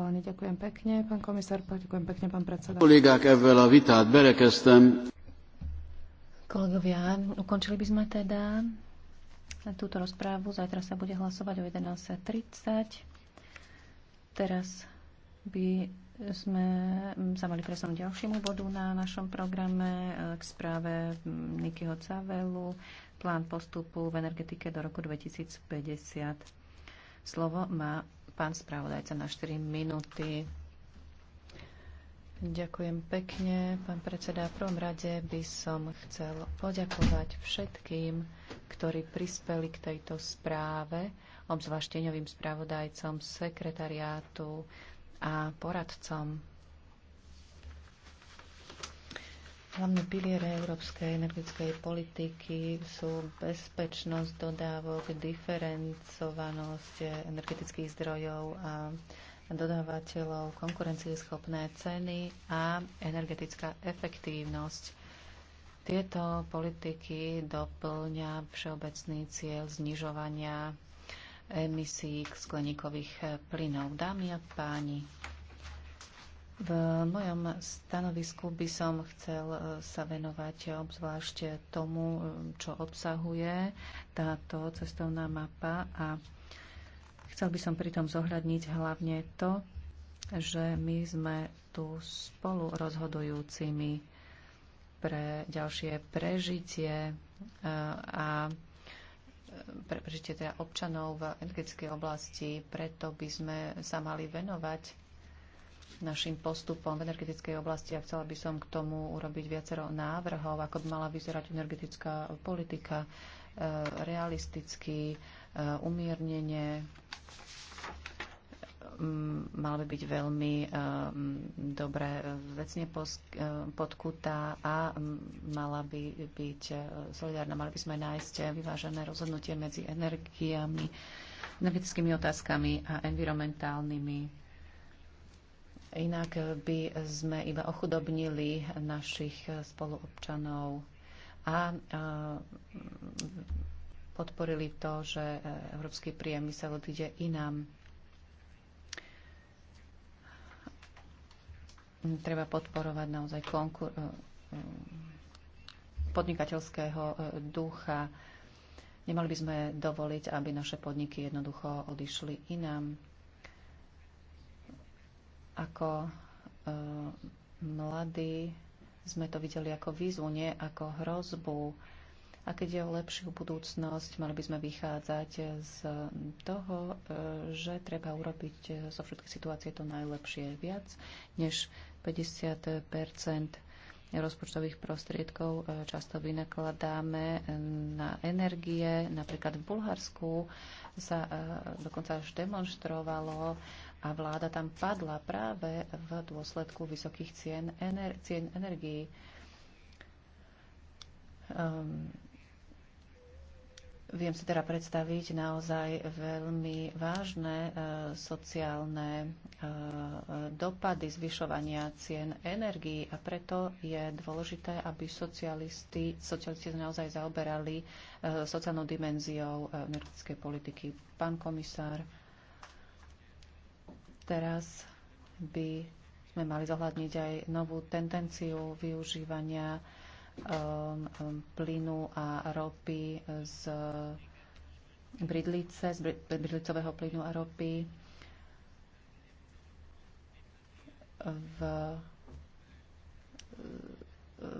ďakujem pekne, pán komisár, ďakujem pekne, pán predseda. Kolegák, evvel a vitát berekeztem. Kolegovia, ukončili by sme teda túto rozprávu. Zajtra sa bude hlasovať o 11.30. Teraz by sme sa mali presunúť ďalšiemu bodu na našom programe k správe Nikyho Cavelu, plán postupu v energetike do roku 2050. Slovo má Pán spravodajca na 4 minúty. Ďakujem pekne, pán predseda. V prvom rade by som chcel poďakovať všetkým, ktorí prispeli k tejto správe, obzvlášť spravodajcom, sekretariátu a poradcom Hlavné piliere európskej energetickej politiky sú bezpečnosť dodávok, diferencovanosť energetických zdrojov a dodávateľov, konkurencieschopné ceny a energetická efektívnosť. Tieto politiky doplňa všeobecný cieľ znižovania emisí skleníkových plynov. Dámy a páni, v mojom stanovisku by som chcel e, sa venovať obzvlášť tomu, e, čo obsahuje táto cestovná mapa a chcel by som pritom zohľadniť hlavne to, že my sme tu spolu rozhodujúcimi pre ďalšie prežitie e, a pre prežitie teda občanov v energetickej oblasti. Preto by sme sa mali venovať našim postupom v energetickej oblasti a chcela by som k tomu urobiť viacero návrhov, ako by mala vyzerať energetická politika e, realisticky, e, umiernenie mal by byť veľmi e, dobre vecne podkutá a mala by byť solidárna. Mali by sme nájsť vyvážené rozhodnutie medzi energiami, energetickými otázkami a environmentálnymi Inak by sme iba ochudobnili našich spoluobčanov a podporili to, že európsky priemysel odíde inám. Treba podporovať naozaj konkur- e, e, podnikateľského e, ducha. Nemali by sme dovoliť, aby naše podniky jednoducho odišli inám. Ako e, mladí sme to videli ako výzvu, nie ako hrozbu. A keď je o lepšiu budúcnosť, mali by sme vychádzať z toho, e, že treba urobiť e, zo všetkých situácií to najlepšie viac, než 50 rozpočtových prostriedkov často vynakladáme na energie. Napríklad v Bulharsku sa dokonca až demonstrovalo a vláda tam padla práve v dôsledku vysokých cien, ener- cien energií. Um, ehm, viem si teda predstaviť naozaj veľmi vážne e, sociálne e, dopady zvyšovania cien energií a preto je dôležité, aby socialisti, socialisti naozaj zaoberali e, sociálnou dimenziou energetickej politiky. Pán komisár. Teraz by sme mali zohľadniť aj novú tendenciu využívania um, um, plynu a ropy z bridlice, z bridlicového plynu a ropy v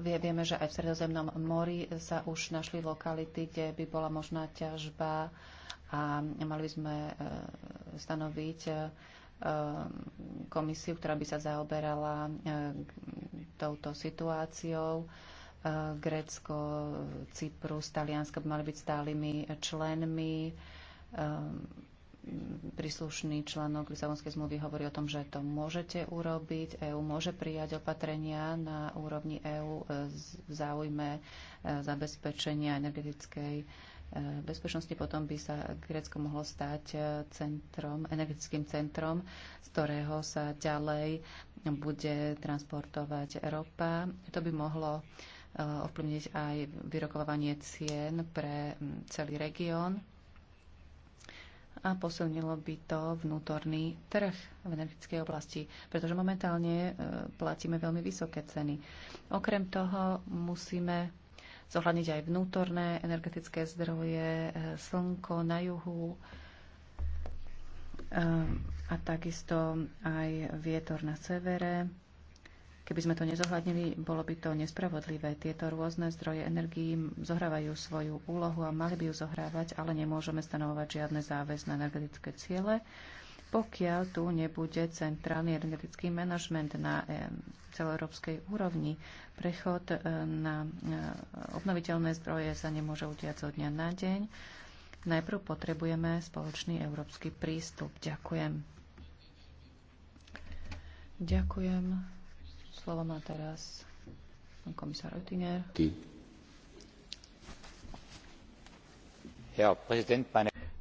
Vieme, že aj v Stredozemnom mori sa už našli lokality, kde by bola možná ťažba a mali by sme eh, stanoviť eh, Um, komisiu, ktorá by sa zaoberala uh, touto situáciou. Uh, Grécko, Cyprus, Taliansko by mali byť stálymi členmi. Um, príslušný článok Lisabonskej zmluvy hovorí o tom, že to môžete urobiť. EÚ môže prijať opatrenia na úrovni EÚ e, v záujme e, zabezpečenia energetickej Eh, bezpečnosti, potom by sa Grécko mohlo stať eh, centrom, energetickým centrom, z ktorého sa ďalej bude transportovať ropa. To by mohlo eh, ovplyvniť aj vyrokovanie cien pre hm, celý región a posilnilo by to vnútorný trh v energetickej oblasti, pretože momentálne platíme veľmi vysoké ceny. Okrem toho musíme zohľadniť aj vnútorné energetické zdroje, e, slnko na juhu e, a takisto aj vietor na severe. Keby sme to nezohľadnili, bolo by to nespravodlivé. Tieto rôzne zdroje energií zohrávajú svoju úlohu a mali by ju zohrávať, ale nemôžeme stanovovať žiadne záväzné energetické ciele pokiaľ tu nebude centrálny energetický manažment na eh, celoeurópskej úrovni. Prechod eh, na eh, obnoviteľné zdroje sa nemôže udiať zo dňa na deň. Najprv potrebujeme spoločný európsky prístup. Ďakujem. Ďakujem. Slovo má teraz pán komisár Oettinger.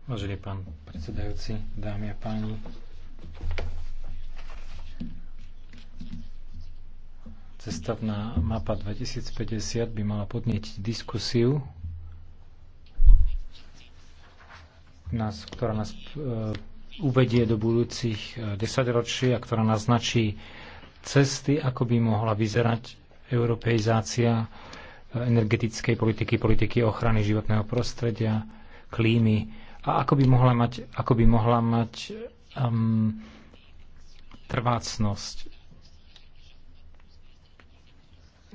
Vážený pán predsedajúci, dámy a páni. Cestovná mapa 2050 by mala podnietiť diskusiu, nás, ktorá nás e, uvedie do budúcich e, desaťročí a ktorá naznačí cesty, ako by mohla vyzerať europeizácia e, energetickej politiky, politiky ochrany životného prostredia, klímy a ako by mohla mať, ako by mohla mať um, trvácnosť.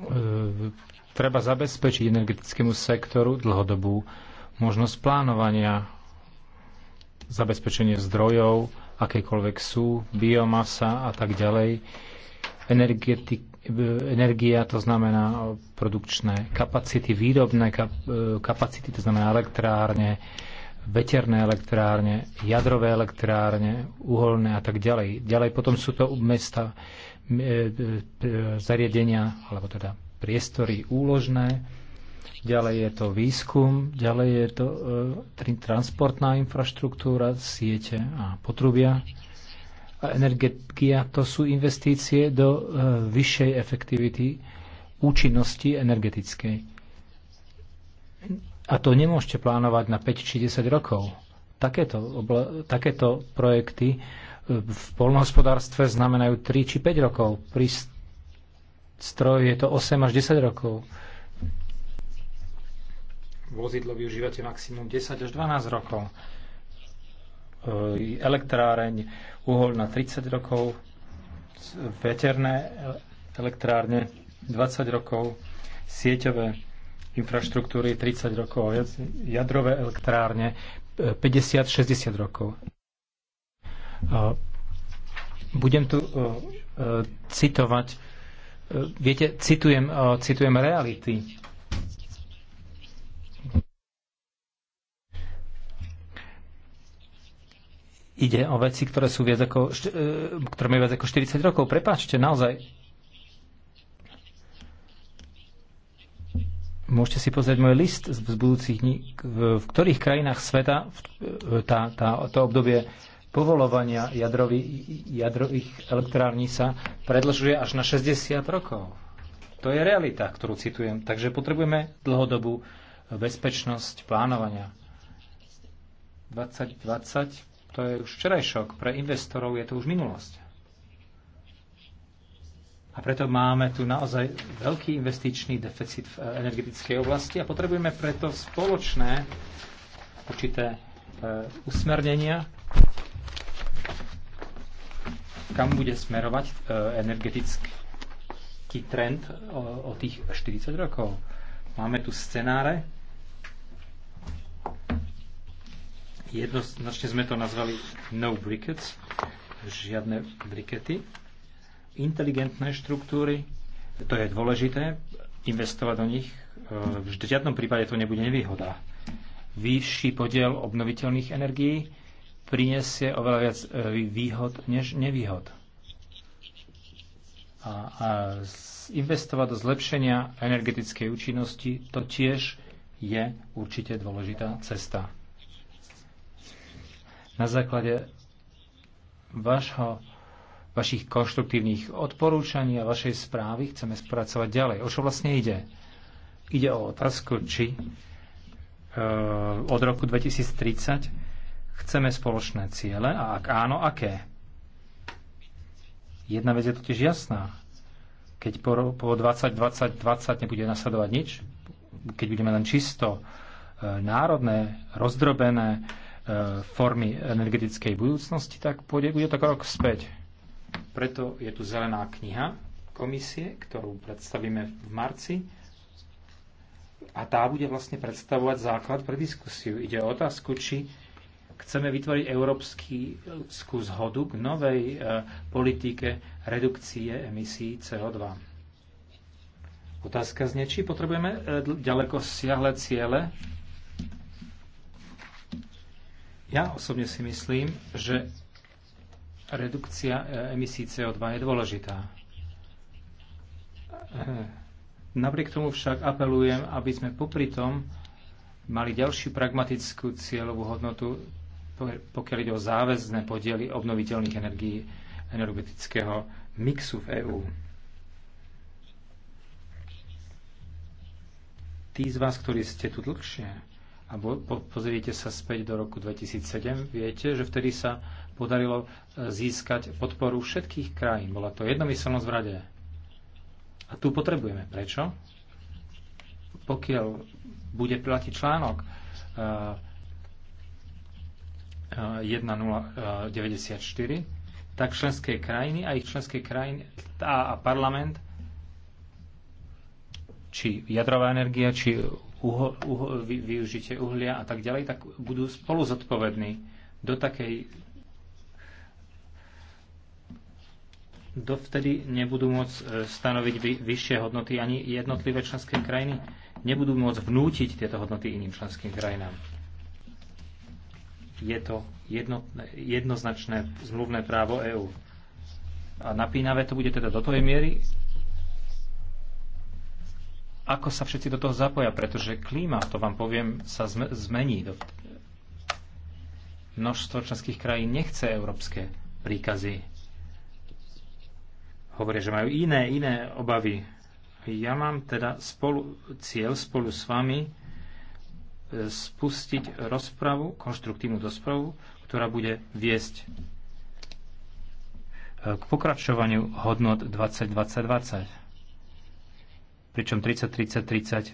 E, treba zabezpečiť energetickému sektoru dlhodobú možnosť plánovania, zabezpečenie zdrojov, akékoľvek sú, biomasa a tak ďalej. Energetik, energia, to znamená produkčné kapacity, výrobné e, kapacity, to znamená elektrárne, veterné elektrárne, jadrové elektrárne, uholné a tak ďalej. Ďalej potom sú to mesta, e, e, e, zariadenia, alebo teda priestory úložné, ďalej je to výskum, ďalej je to transportná infraštruktúra, siete a potrubia. A energetia to sú investície do vyššej efektivity účinnosti energetickej a to nemôžete plánovať na 5 či 10 rokov. Takéto, obla, takéto projekty e, v polnohospodárstve znamenajú 3 či 5 rokov. Pri stroji je to 8 až 10 rokov. Vozidlo využívate maximum 10 až 12 rokov. E, elektráreň, uhol na 30 rokov, veterné elektrárne 20 rokov, sieťové infraštruktúry 30 rokov, jadrové elektrárne 50-60 e, rokov. Budem tu e, e, citovať, viete, citujem, citujem reality. Ide o veci, ktoré sú viac ako, ktoré majú viac ako 40 rokov. Prepáčte, naozaj Môžete si pozrieť môj list z budúcich dní, v ktorých krajinách sveta tá, tá, to obdobie povolovania jadrový, jadrových elektrární sa predlžuje až na 60 rokov. To je realita, ktorú citujem. Takže potrebujeme dlhodobú bezpečnosť plánovania. 2020 to je už včerajšok, pre investorov je to už minulosť. A preto máme tu naozaj veľký investičný deficit v energetickej oblasti a potrebujeme preto spoločné určité e, usmernenia, kam bude smerovať e, energetický trend o, o tých 40 rokov. Máme tu scenáre. Jednoznačne sme to nazvali no brickets, žiadne brikety inteligentné štruktúry, to je dôležité, investovať do nich. E, v žiadnom prípade to nebude nevýhoda. Vyšší podiel obnoviteľných energií prinesie oveľa viac e, výhod než nevýhod. A, a investovať do zlepšenia energetickej účinnosti to tiež je určite dôležitá cesta. Na základe vášho vašich konštruktívnych odporúčaní a vašej správy chceme spracovať ďalej. O čo vlastne ide? Ide o otázku, či e, od roku 2030 chceme spoločné ciele a ak áno, aké? Jedna vec je totiž jasná. Keď po, po 20, 20, 20 nebude nasledovať nič, keď budeme len čisto e, národné, rozdrobené e, formy energetickej budúcnosti, tak pôjde, bude to krok späť preto je tu zelená kniha komisie, ktorú predstavíme v marci a tá bude vlastne predstavovať základ pre diskusiu. Ide o otázku, či chceme vytvoriť európsku zhodu k novej e, politike redukcie emisí CO2. Otázka znie, či potrebujeme e, ďaleko siahle ciele. Ja osobne si myslím, že redukcia e, emisí CO2 je dôležitá. E, napriek tomu však apelujem, aby sme popri tom mali ďalšiu pragmatickú cieľovú hodnotu, pokiaľ ide o záväzné podiely obnoviteľných energií energetického mixu v EÚ. Tí z vás, ktorí ste tu dlhšie, a pozrite sa späť do roku 2007, viete, že vtedy sa podarilo e, získať podporu všetkých krajín. Bola to jednomyselnosť v rade. A tu potrebujeme. Prečo? Pokiaľ bude platiť článok 1094, e, e, tak členské krajiny a ich členské krajiny a, a parlament či jadrová energia, či uho, uho, využitie uhlia a tak ďalej, tak budú spolu zodpovední do takej dovtedy nebudú môcť e, stanoviť vyššie hodnoty ani jednotlivé členské krajiny, nebudú môcť vnútiť tieto hodnoty iným členským krajinám. Je to jedno, jednoznačné zmluvné právo EÚ. A napínavé to bude teda do tej miery, ako sa všetci do toho zapoja, pretože klíma, to vám poviem, sa zmení. Množstvo členských krajín nechce európske príkazy hovoria, že majú iné, iné obavy. Ja mám teda spolu, cieľ spolu s vami e, spustiť rozpravu, konštruktívnu rozpravu, ktorá bude viesť e, k pokračovaniu hodnot 2020 20, Pričom 30-30-30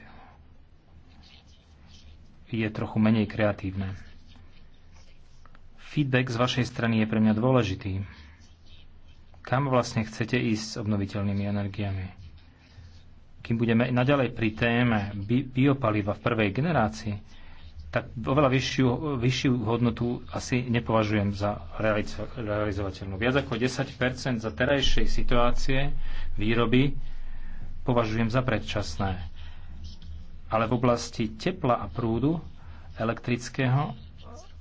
je trochu menej kreatívne. Feedback z vašej strany je pre mňa dôležitý kam vlastne chcete ísť s obnoviteľnými energiami? Kým budeme naďalej pri téme bi- biopaliva v prvej generácii, tak oveľa vyššiu, vyššiu hodnotu asi nepovažujem za realizo- realizovateľnú. Viac ako 10 za terajšej situácie výroby považujem za predčasné. Ale v oblasti tepla a prúdu elektrického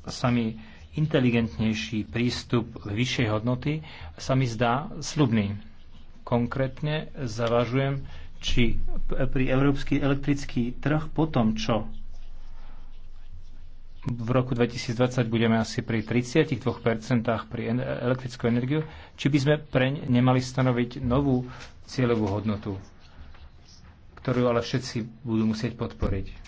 sa mi inteligentnejší prístup vyššej hodnoty sa mi zdá slubný. Konkrétne zavažujem, či pri európsky elektrický trh po tom, čo v roku 2020 budeme asi pri 32% pri elektrickú energiu, či by sme preň nemali stanoviť novú cieľovú hodnotu, ktorú ale všetci budú musieť podporiť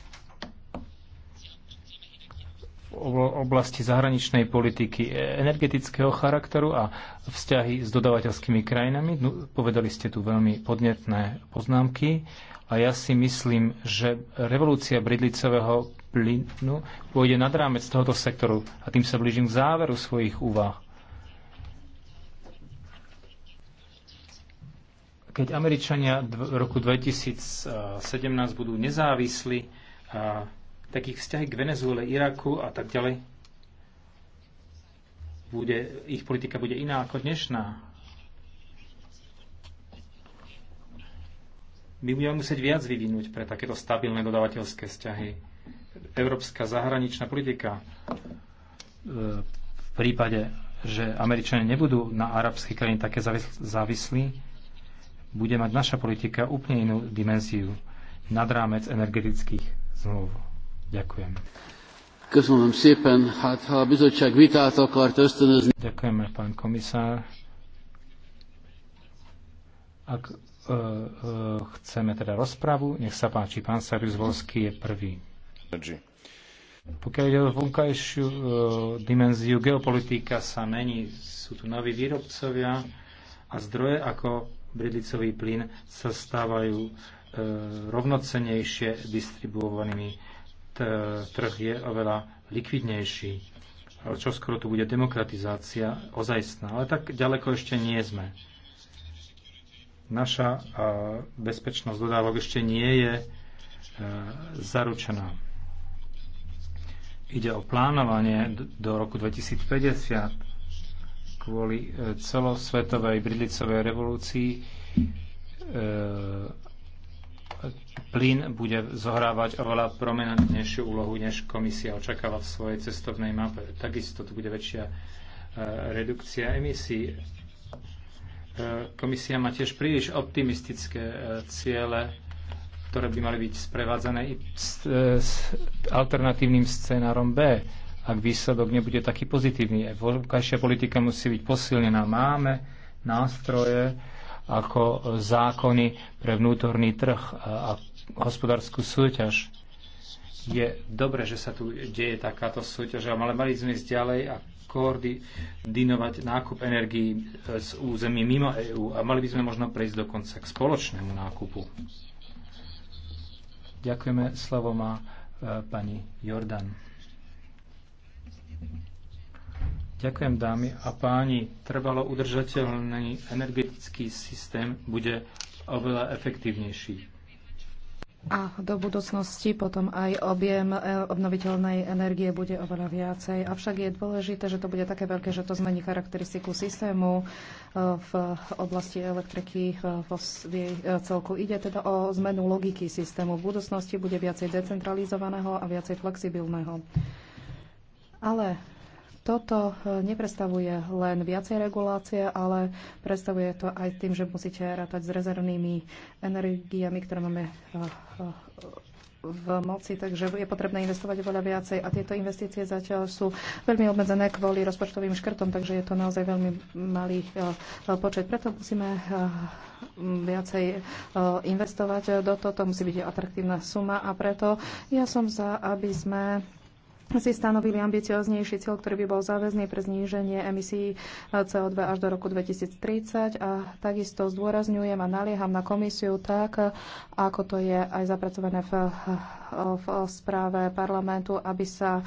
oblasti zahraničnej politiky energetického charakteru a vzťahy s dodavateľskými krajinami. No, povedali ste tu veľmi podnetné poznámky a ja si myslím, že revolúcia bridlicového plynu pôjde nad rámec tohoto sektoru a tým sa blížim k záveru svojich úvah. Keď Američania v roku 2017 budú nezávislí, takých vzťahy k Venezuele, Iraku a tak ďalej, bude, ich politika bude iná ako dnešná. My budeme musieť viac vyvinúť pre takéto stabilné dodávateľské vzťahy. Európska zahraničná politika e, v prípade, že Američania nebudú na arabských krajín také závislí, bude mať naša politika úplne inú dimenziu nad rámec energetických zmluv. Ďakujem. Ďakujeme, pán komisár. Ak chceme teda rozpravu, nech sa páči, pán Sarius Volský je prvý. Pokiaľ ide o vonkajšiu e, dimenziu, geopolitika sa mení, sú tu noví výrobcovia a zdroje ako bridlicový plyn sa stávajú rovnocenejšie distribuovanými trh je oveľa likvidnejší. Čo skoro tu bude demokratizácia ozajstná. Ale tak ďaleko ešte nie sme. Naša bezpečnosť dodávok ešte nie je e, zaručená. Ide o plánovanie do roku 2050 kvôli e, celosvetovej bridlicovej revolúcii e, plyn bude zohrávať oveľa prominentnejšiu úlohu, než komisia očakáva v svojej cestovnej mape. Takisto tu bude väčšia e, redukcia emisí. E, komisia má tiež príliš optimistické e, ciele, ktoré by mali byť sprevádzané i s alternatívnym scénárom B, ak výsledok nebude taký pozitívny. Vonkajšia politika musí byť posilnená. Máme nástroje, ako zákony pre vnútorný trh a hospodárskú súťaž. Je dobre, že sa tu deje takáto súťaž, ale mali sme ísť ďalej a koordinovať nákup energií z e, území mimo EÚ a mali by sme možno prejsť dokonca k spoločnému nákupu. Ďakujeme. Slovo má e, pani Jordan. Ďakujem, dámy a páni. Trvalo udržateľný energetický systém bude oveľa efektívnejší. A do budúcnosti potom aj objem e, obnoviteľnej energie bude oveľa viacej. Avšak je dôležité, že to bude také veľké, že to zmení charakteristiku systému e, v oblasti elektriky e, vo celku. Ide teda o zmenu logiky systému. V budúcnosti bude viacej decentralizovaného a viacej flexibilného. Ale toto eh, neprestavuje len viacej regulácie, ale predstavuje to aj tým, že musíte rátať s rezervnými energiami, ktoré máme eh, eh, v moci, takže je potrebné investovať voľa viacej a tieto investície zatiaľ sú veľmi obmedzené kvôli rozpočtovým škrtom, takže je to naozaj veľmi malý počet. Preto musíme viacej investovať do toto, musí byť atraktívna suma a preto ja som za, aby sme si stanovili ambicioznejší cieľ, ktorý by bol záväzný pre zníženie emisí eh, CO2 až do roku 2030 a takisto zdôrazňujem a nalieham na komisiu tak, eh, ako to je aj zapracované v, eh, v správe parlamentu, aby sa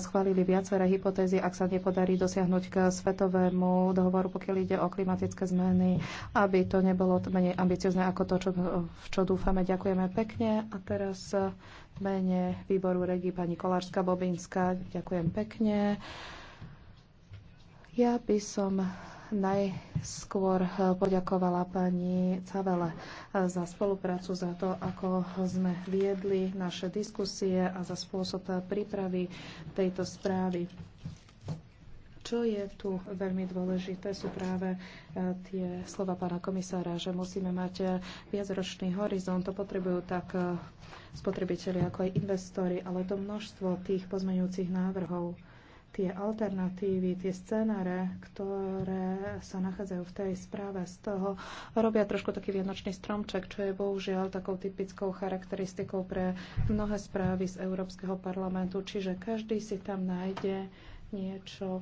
schválili viaceré hypotézy, ak sa nepodarí dosiahnuť k svetovému dohovoru, pokiaľ ide o klimatické zmeny, aby to nebolo menej ambiciozne ako to, čo, v čo dúfame. Ďakujeme pekne a teraz mene výboru regi pani Kolárska Bobinská. Ďakujem pekne. Ja by som najskôr eh, poďakovala pani Cavele eh, za spoluprácu, za to, ako sme viedli naše diskusie a za spôsob eh, prípravy tejto správy. Čo je tu veľmi dôležité, sú práve tie slova pána komisára, že musíme mať viacročný horizont. To potrebujú tak spotrebiteľi, ako aj investori, ale to množstvo tých pozmeňujúcich návrhov, tie alternatívy, tie scenáre, ktoré sa nachádzajú v tej správe, z toho robia trošku taký vianočný stromček, čo je bohužiaľ takou typickou charakteristikou pre mnohé správy z Európskeho parlamentu. Čiže každý si tam nájde niečo,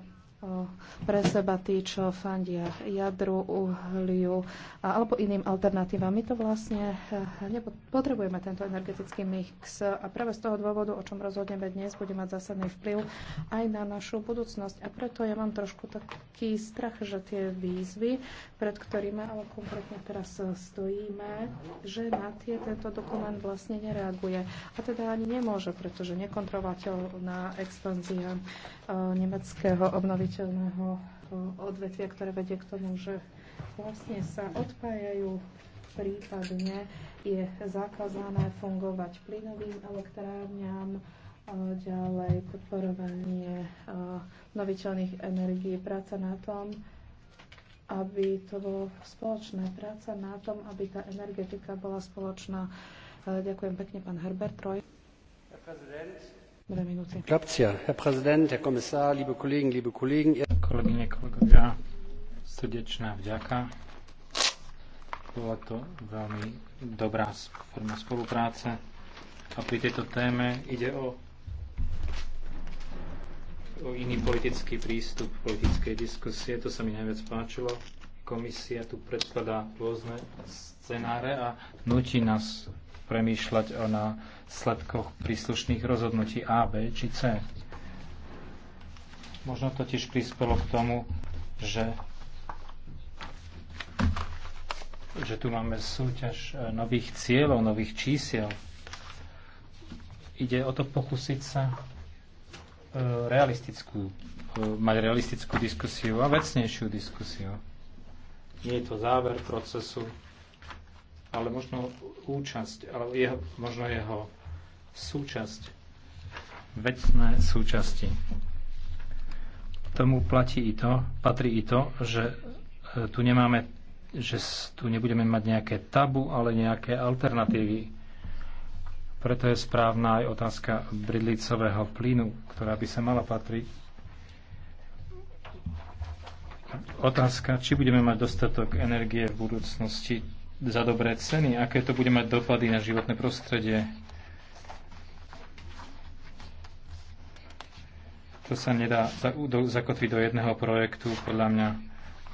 pre seba tí, čo fandia jadru, uhliu alebo iným alternatívam. My to vlastne eh, potrebujeme tento energetický mix a práve z toho dôvodu, o čom rozhodneme dnes, bude mať zásadný vplyv aj na našu budúcnosť. A preto ja mám trošku taký strach, že tie výzvy, pred ktorými ale konkrétne teraz stojíme, že na tie tento dokument vlastne nereaguje. A teda ani nemôže, pretože nekontrolovateľná expanzia eh, nemeckého obnoviteľa priemyselného e, odvetvia, ktoré vedie k tomu, že vlastne sa odpájajú prípadne je zakázané fungovať plynovým elektrárňam, e, ďalej podporovanie e, noviteľných energií, práca na tom, aby to bolo spoločné, práca na tom, aby tá energetika bola spoločná. Ďakujem pekne, pán Herbert Troj herr prezident, herr komisár, liebe liebe Kollegen. Kolegyne, kolegovia, srdečná vďaka. Bola to veľmi dobrá forma spolupráce. A pri tejto téme ide o o iný politický prístup politickej diskusie. To sa mi najviac páčilo. Komisia tu predkladá rôzne scenáre a nutí nás premýšľať o sledkoch príslušných rozhodnutí A, B či C. Možno to tiež prispelo k tomu, že, že tu máme súťaž e, nových cieľov, nových čísiel. Ide o to pokúsiť sa e, realistickú, e, mať realistickú diskusiu a vecnejšiu diskusiu. Nie je to záver procesu, ale možno účasť, ale jeho, možno jeho súčasť, vecné súčasti. Tomu platí i to, patrí i to, že e, tu nemáme, že tu nebudeme mať nejaké tabu, ale nejaké alternatívy. Preto je správna aj otázka bridlicového plynu, ktorá by sa mala patriť. Otázka, či budeme mať dostatok energie v budúcnosti, za dobré ceny, aké to bude mať dopady na životné prostredie. To sa nedá zakotviť do jedného projektu, podľa mňa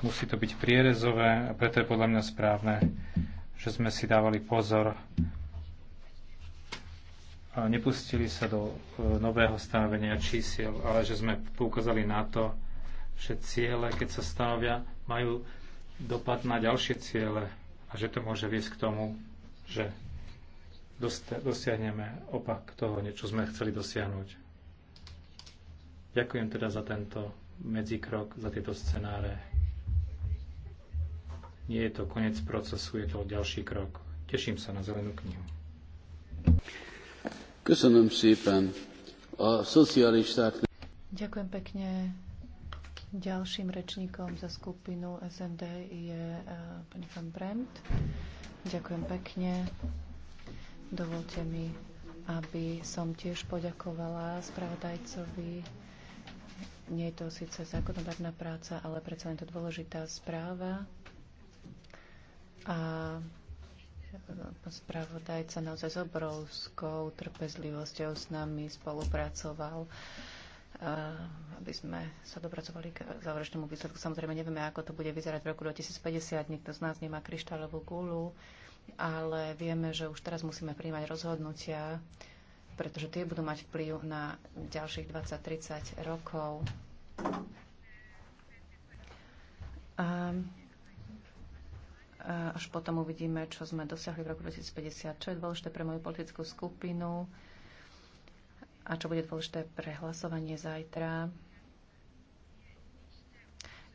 musí to byť prierezové a preto je podľa mňa správne, že sme si dávali pozor a nepustili sa do e, nového stanovenia čísiel, ale že sme poukázali na to, že ciele, keď sa stavia, majú dopad na ďalšie ciele a že to môže viesť k tomu, že dosiahneme opak toho, čo sme chceli dosiahnuť. Ďakujem teda za tento medzikrok, za tieto scenáre. Nie je to koniec procesu, je to ďalší krok. Teším sa na zelenú knihu. Ďakujem pekne. Ďalším rečníkom za skupinu SND je e, pani pán Bremt. Ďakujem pekne. Dovolte mi, aby som tiež poďakovala spravodajcovi. Nie je to síce zákonodárna práca, ale predsa len to dôležitá správa. A e, spravodajca naozaj s obrovskou trpezlivosťou s nami spolupracoval Eh, aby sme sa dopracovali k záverečnému výsledku. Samozrejme, nevieme, ako to bude vyzerať v roku 2050. Nikto z nás nemá kryštálovú gulu, ale vieme, že už teraz musíme príjmať rozhodnutia, pretože tie budú mať vplyv na ďalších 20-30 rokov. A až potom uvidíme, čo sme dosiahli v roku 2050, čo je dôležité pre moju politickú skupinu a čo bude dôležité pre hlasovanie zajtra,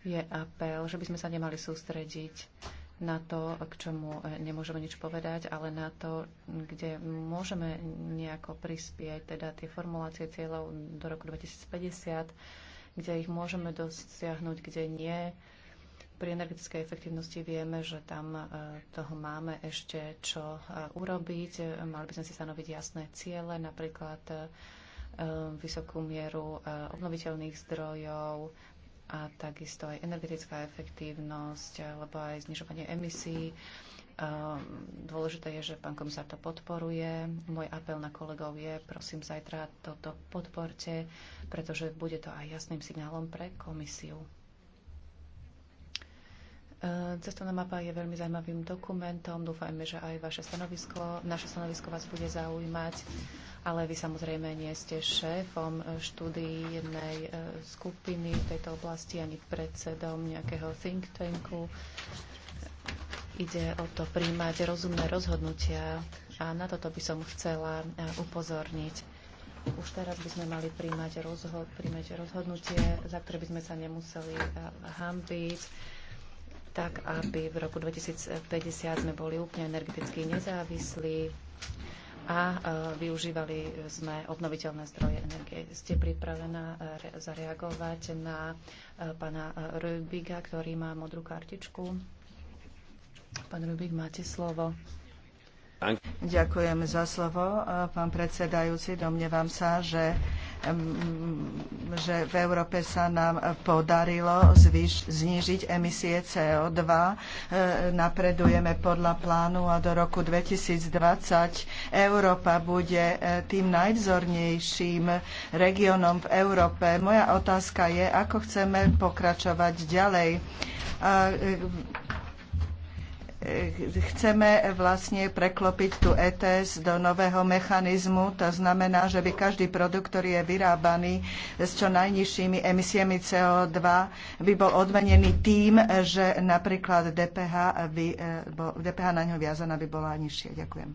je apel, že by sme sa nemali sústrediť na to, k čomu e, nemôžeme nič povedať, ale na to, kde môžeme nejako prispieť, teda tie formulácie cieľov do roku 2050, kde ich môžeme dosiahnuť, kde nie. Pri energetickej efektivnosti vieme, že tam e, toho máme ešte čo e, urobiť. Mali by sme si stanoviť jasné ciele, napríklad Eh, vysokú mieru eh, obnoviteľných zdrojov a takisto aj energetická efektívnosť alebo eh, aj znižovanie emisí. Dôležité je, že pán komisár to podporuje. Môj apel na kolegov je, prosím, zajtra toto podporte, pretože bude to aj jasným signálom pre komisiu. Cestovná mapa je veľmi zaujímavým dokumentom. Dúfajme, že aj vaše stanovisko, naše stanovisko vás bude zaujímať ale vy samozrejme nie ste šéfom štúdií jednej e, skupiny v tejto oblasti ani predsedom nejakého think tanku. Ide o to príjmať rozumné rozhodnutia a na toto by som chcela e, upozorniť. Už teraz by sme mali príjmať, rozho- príjmať rozhodnutie, za ktoré by sme sa nemuseli e, hambiť tak aby v roku 2050 sme boli úplne energeticky nezávislí a e, využívali sme obnoviteľné zdroje energie. Ste pripravená e, zareagovať na e, pána Rubiga, ktorý má modrú kartičku? Pán Rubik, máte slovo. Ďakujem za slovo, pán predsedajúci. Domnievam sa, že že v Európe sa nám podarilo zvýš, znížiť emisie CO2. E, napredujeme podľa plánu a do roku 2020 Európa bude e, tým najvzornejším regiónom v Európe. Moja otázka je, ako chceme pokračovať ďalej. E, chceme vlastne preklopiť tú ETS do nového mechanizmu. To znamená, že by každý produkt, ktorý je vyrábaný s čo najnižšími emisiami CO2, by bol odmenený tým, že napríklad DPH, by, e, DPH na ňo viazaná by bola nižšia. Ďakujem.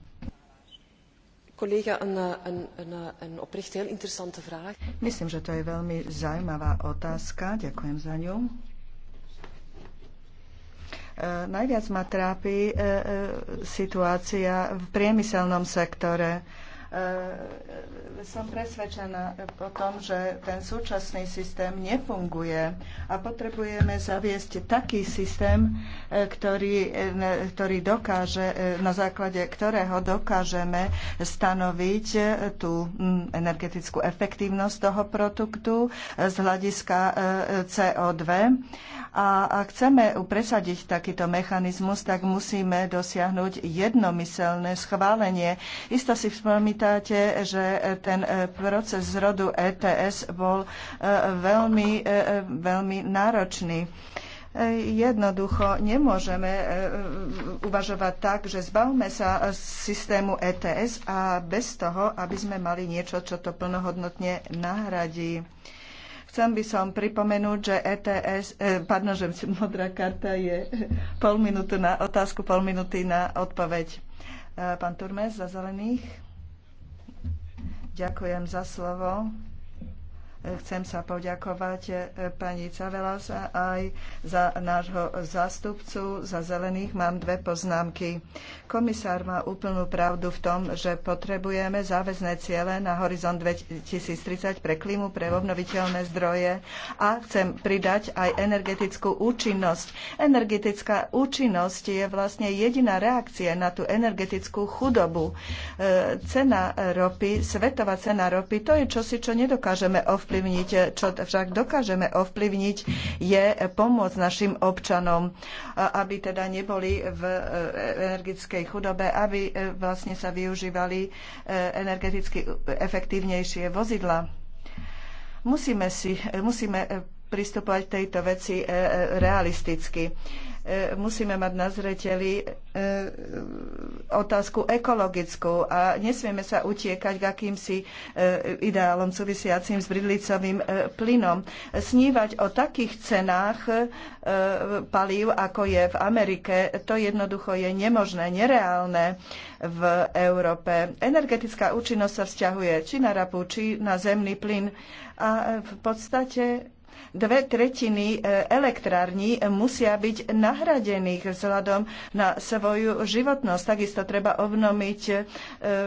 oprecht heel interessante vraag. Myslím, že to je veľmi zaujímavá otázka. Ďakujem za ňu. Najviac ma trápi e, e, situácia v priemyselnom sektore. E, som presvedčená o tom, že ten súčasný systém nefunguje a potrebujeme zaviesť taký systém, e, ktorý, e, ktorý dokáže, na základe ktorého dokážeme stanoviť tú energetickú efektívnosť toho produktu z hľadiska CO2. A ak chceme presadiť takýto mechanizmus, tak musíme dosiahnuť jednomyselné schválenie. Isto si veľmi pamätáte, že e, ten e, proces zrodu ETS bol e, veľmi, veľmi náročný jednoducho nemôžeme uvažovať tak, že zbavme sa systému ETS a bez toho, aby sme mali niečo, čo to plnohodnotne nahradí. Chcem by som pripomenúť, že ETS, pardon, že modrá karta je pol minúty na otázku, pol minúty na odpoveď. Pán Turmes za zelených. Ďakujem za slovo. Chcem sa poďakovať e, pani Cavelasa aj za nášho zástupcu, za zelených. Mám dve poznámky. Komisár má úplnú pravdu v tom, že potrebujeme záväzné ciele na horizont 2030 pre klímu, pre obnoviteľné zdroje a chcem pridať aj energetickú účinnosť. Energetická účinnosť je vlastne jediná reakcia na tú energetickú chudobu. E, cena ropy, svetová cena ropy, to je čosi, čo nedokážeme ovplyvniť. Čo však dokážeme ovplyvniť, je pomôcť našim občanom, aby teda neboli v e, energetickej najväčšej chudobe, aby e, vlastne sa využívali e, energeticky efektívnejšie vozidla. Musíme, si, e, musíme pristupovať k tejto veci realisticky E, musíme mať na zreteli e, otázku ekologickú a nesmieme sa utiekať k akýmsi e, ideálom súvisiacim s bridlicovým plynom. Snívať o takých cenách palív, ako je v Amerike, to jednoducho je nemožné, nereálne v Európe. Energetická účinnosť sa vzťahuje či na rapu, či na zemný plyn a v podstate Dve tretiny e, elektrární musia byť nahradených vzhľadom na svoju životnosť. Takisto treba obnomiť e,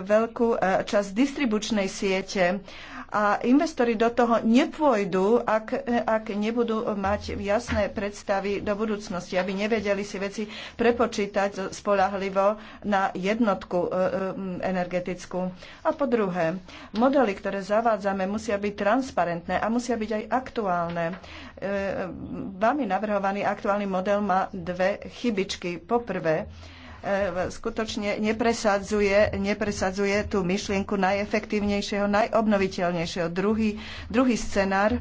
veľkú e, časť distribučnej siete a investori do toho nepôjdu, ak, ak nebudú mať jasné predstavy do budúcnosti, aby nevedeli si veci prepočítať spolahlivo na jednotku e, e, energetickú. A po druhé, modely, ktoré zavádzame, musia byť transparentné a musia byť aj aktuálne. E, vami navrhovaný aktuálny model má dve chybičky. Poprvé, E, skutočne nepresadzuje, nepresadzuje tú myšlienku najefektívnejšieho, najobnoviteľnejšieho. Druhý, druhý scenár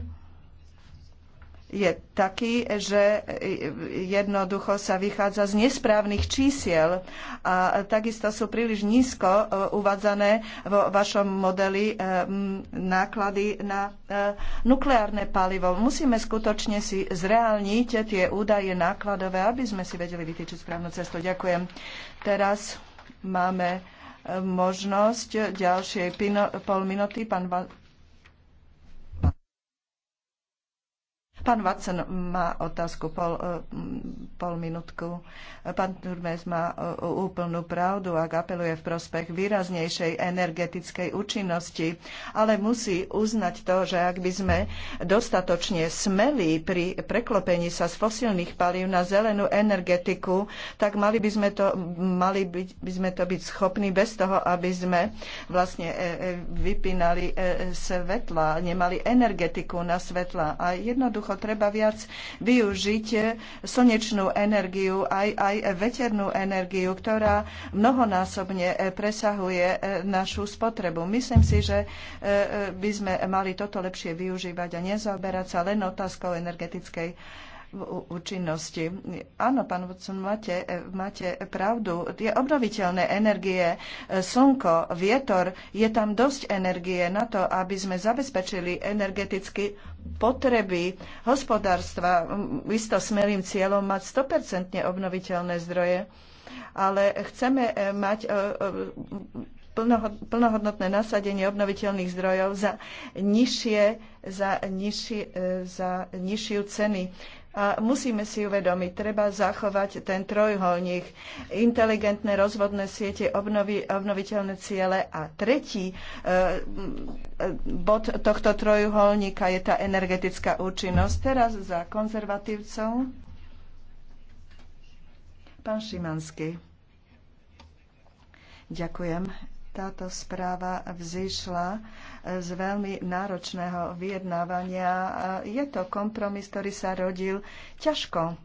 je taký, že jednoducho sa vychádza z nesprávnych čísiel a takisto sú príliš nízko e, uvádzané vo vašom modeli e, náklady na e, nukleárne palivo. Musíme skutočne si zreálniť tie údaje nákladové, aby sme si vedeli vytýčiť správnu cestu. Ďakujem. Teraz máme možnosť ďalšej pol minúty. Pán Pán Watson má otázku pol, eh, pol minútku. Pán Turmes má eh, úplnú pravdu, ak apeluje v prospech výraznejšej energetickej účinnosti, ale musí uznať to, že ak by sme dostatočne smeli pri preklopení sa z fosilných palív na zelenú energetiku, tak mali by sme to, mali byť, by sme to byť schopní bez toho, aby sme vlastne eh, vypínali svetla, nemali energetiku na svetla. A jednoducho jednoducho treba viac využiť eh, slnečnú energiu, aj, aj veternú energiu, ktorá mnohonásobne eh, presahuje eh, našu spotrebu. Myslím si, že by sme mali toto lepšie využívať a nezaoberať sa len otázkou energetickej účinnosti. Áno, pán Vodcun, máte, máte pravdu. Tie obnoviteľné energie, e, slnko, vietor, je tam dosť energie na to, aby sme zabezpečili energeticky potreby hospodárstva. Mm, isto smelým cieľom mať 100% obnoviteľné zdroje. Ale chceme e, mať e, plnohodnotné nasadenie obnoviteľných zdrojov za nižšie, za nižšie, za nižšiu ceny a musíme si uvedomiť, treba zachovať ten trojholník, inteligentné rozvodné siete, obnovi, obnoviteľné ciele. A tretí e, e, bod tohto trojuholníka je tá energetická účinnosť. Teraz za konzervatívcov. Pán Šimanský. Ďakujem. Táto správa vzýšla z veľmi náročného vyjednávania. Je to kompromis, ktorý sa rodil ťažko.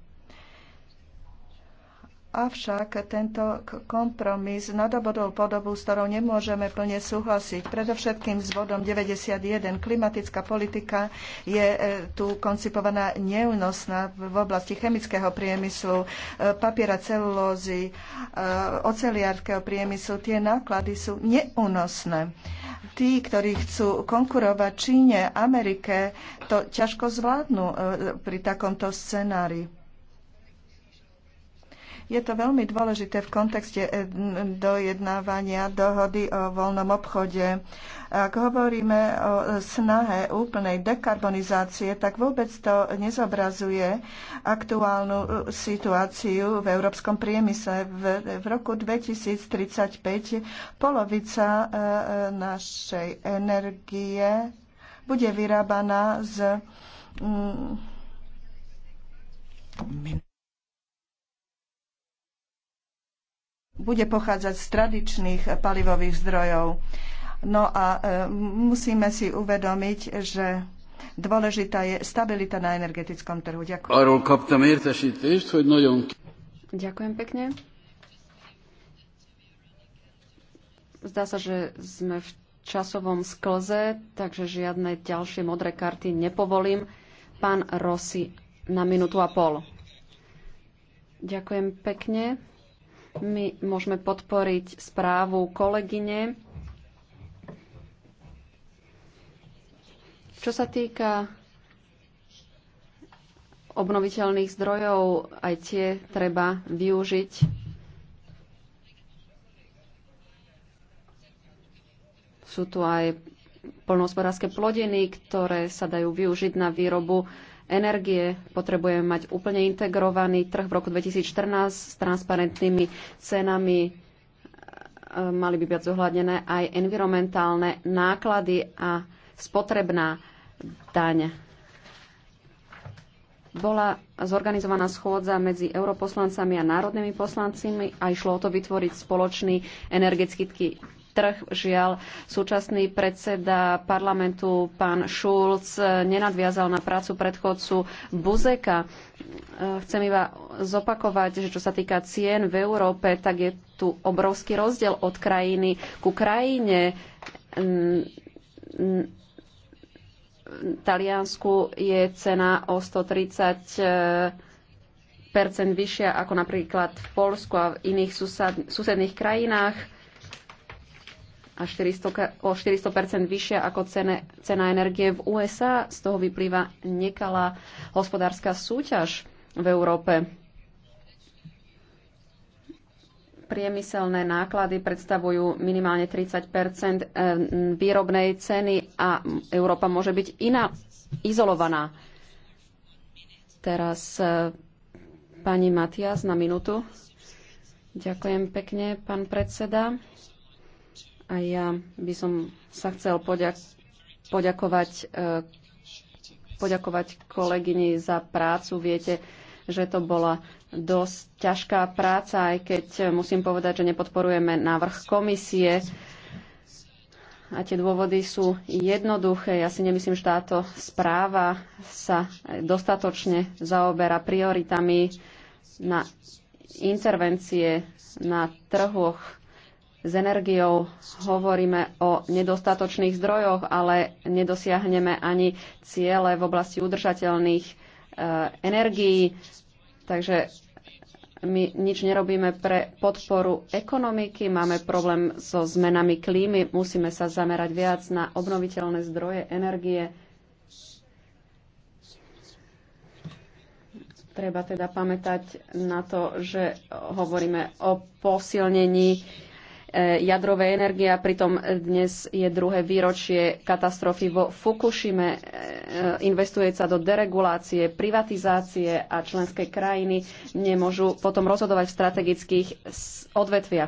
Avšak tento kompromis nadobodol podobu, s ktorou nemôžeme plne súhlasiť. Predovšetkým s vodom 91. Klimatická politika je e, tu koncipovaná neúnosná v oblasti chemického priemyslu, e, papiera celulózy, e, oceliárskeho priemyslu. Tie náklady sú neúnosné tí, ktorí chcú konkurovať Číne, Amerike, to ťažko zvládnu e, pri takomto scenári. Je to veľmi dôležité v kontexte eh, dojednávania dohody o voľnom obchode. Ak hovoríme o eh, snahe úplnej dekarbonizácie, tak vôbec to nezobrazuje aktuálnu eh, situáciu v európskom priemysle. V, v roku 2035 polovica našej energie bude vyrábaná z mm, bude pochádzať z tradičných palivových zdrojov. No a e, musíme si uvedomiť, že dôležitá je stabilita na energetickom trhu. Ďakujem. Ďakujem pekne. Zdá sa, že sme v časovom sklze, takže žiadne ďalšie modré karty nepovolím. Pán Rossi na minútu a pol. Ďakujem pekne. My môžeme podporiť správu kolegyne. Čo sa týka obnoviteľných zdrojov, aj tie treba využiť. Sú tu aj polnohospodárske plodiny, ktoré sa dajú využiť na výrobu energie. Potrebujeme mať úplne integrovaný trh v roku 2014 s transparentnými cenami. E, mali by byť zohľadnené aj environmentálne náklady a spotrebná daň. Bola zorganizovaná schôdza medzi europoslancami a národnými poslancami a išlo o to vytvoriť spoločný energetický trh. Žiaľ, súčasný predseda parlamentu, pán Šulc nenadviazal na prácu predchodcu Buzeka. E, chcem iba zopakovať, že čo sa týka cien v Európe, tak je tu obrovský rozdiel od krajiny ku krajine. Taliansku je cena o 130 e, percent vyššia ako napríklad v Polsku a v iných sused, susedných krajinách a 400, o 400 vyššia ako cene, cena energie v USA. Z toho vyplýva nekalá hospodárska súťaž v Európe. Priemyselné náklady predstavujú minimálne 30 eh, výrobnej ceny a Európa môže byť iná, izolovaná. Teraz eh, pani Matias na minútu. Ďakujem pekne, pán predseda. A ja by som sa chcel poďak- poďakovať, e, poďakovať kolegyni za prácu. Viete, že to bola dosť ťažká práca, aj keď musím povedať, že nepodporujeme návrh komisie. A tie dôvody sú jednoduché. Ja si nemyslím, že táto správa sa dostatočne zaoberá prioritami na intervencie na trhoch s energiou. Hovoríme o nedostatočných zdrojoch, ale nedosiahneme ani ciele v oblasti udržateľných e, energií. Takže my nič nerobíme pre podporu ekonomiky, máme problém so zmenami klímy, musíme sa zamerať viac na obnoviteľné zdroje energie. treba teda pamätať na to, že hovoríme o posilnení E, jadrovej energie a pritom dnes je druhé výročie katastrofy vo Fukushime. E, investuje sa do deregulácie, privatizácie a členské krajiny nemôžu potom rozhodovať v strategických odvetviach.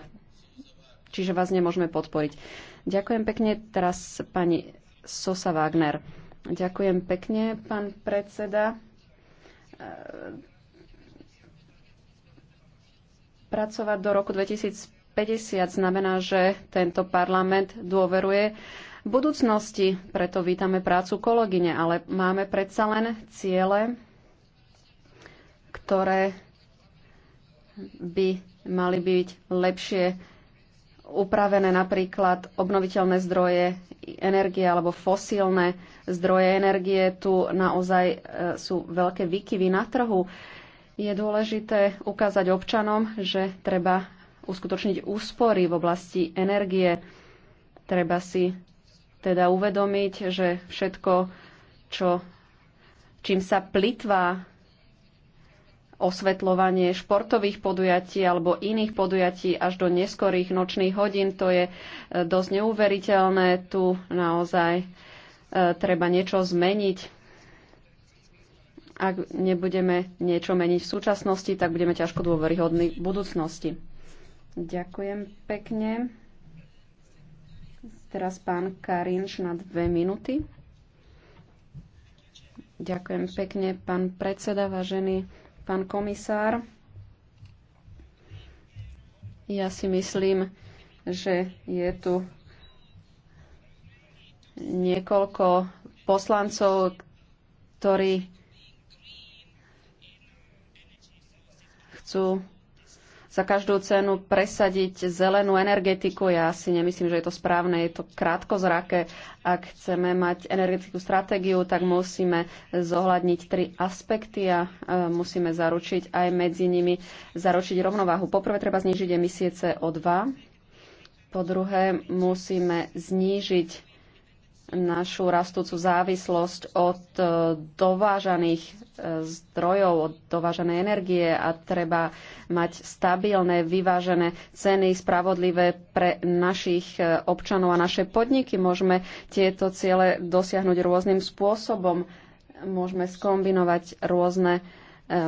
Čiže vás nemôžeme podporiť. Ďakujem pekne. Teraz pani Sosa Wagner. Ďakujem pekne, pán predseda e, pracovať do roku 2050 50 znamená, že tento parlament dôveruje v budúcnosti, preto vítame prácu kolegyne, ale máme predsa len ciele, ktoré by mali byť lepšie upravené napríklad obnoviteľné zdroje energie alebo fosílne zdroje energie. Tu naozaj e, sú veľké výkyvy na trhu. Je dôležité ukázať občanom, že treba uskutočniť úspory v oblasti energie. Treba si teda uvedomiť, že všetko, čo, čím sa plitvá osvetľovanie športových podujatí alebo iných podujatí až do neskorých nočných hodín, to je e, dosť neuveriteľné. Tu naozaj e, treba niečo zmeniť. Ak nebudeme niečo meniť v súčasnosti, tak budeme ťažko dôveryhodní v budúcnosti. Ďakujem pekne. Teraz pán Karinč na dve minúty. Ďakujem pekne, pán predseda, vážený pán komisár. Ja si myslím, že je tu niekoľko poslancov, ktorí chcú za každú cenu presadiť zelenú energetiku. Ja si nemyslím, že je to správne, je to krátkozrake. Ak chceme mať energetickú stratégiu, tak musíme zohľadniť tri aspekty a e, musíme zaručiť aj medzi nimi zaručiť rovnováhu. Poprvé treba znížiť emisie CO2, po druhé musíme znížiť našu rastúcu závislosť od e, dovážaných e, zdrojov, od dovážanej energie a treba mať stabilné, vyvážené ceny, spravodlivé pre našich e, občanov a naše podniky. Môžeme tieto ciele dosiahnuť rôznym spôsobom. Môžeme skombinovať rôzne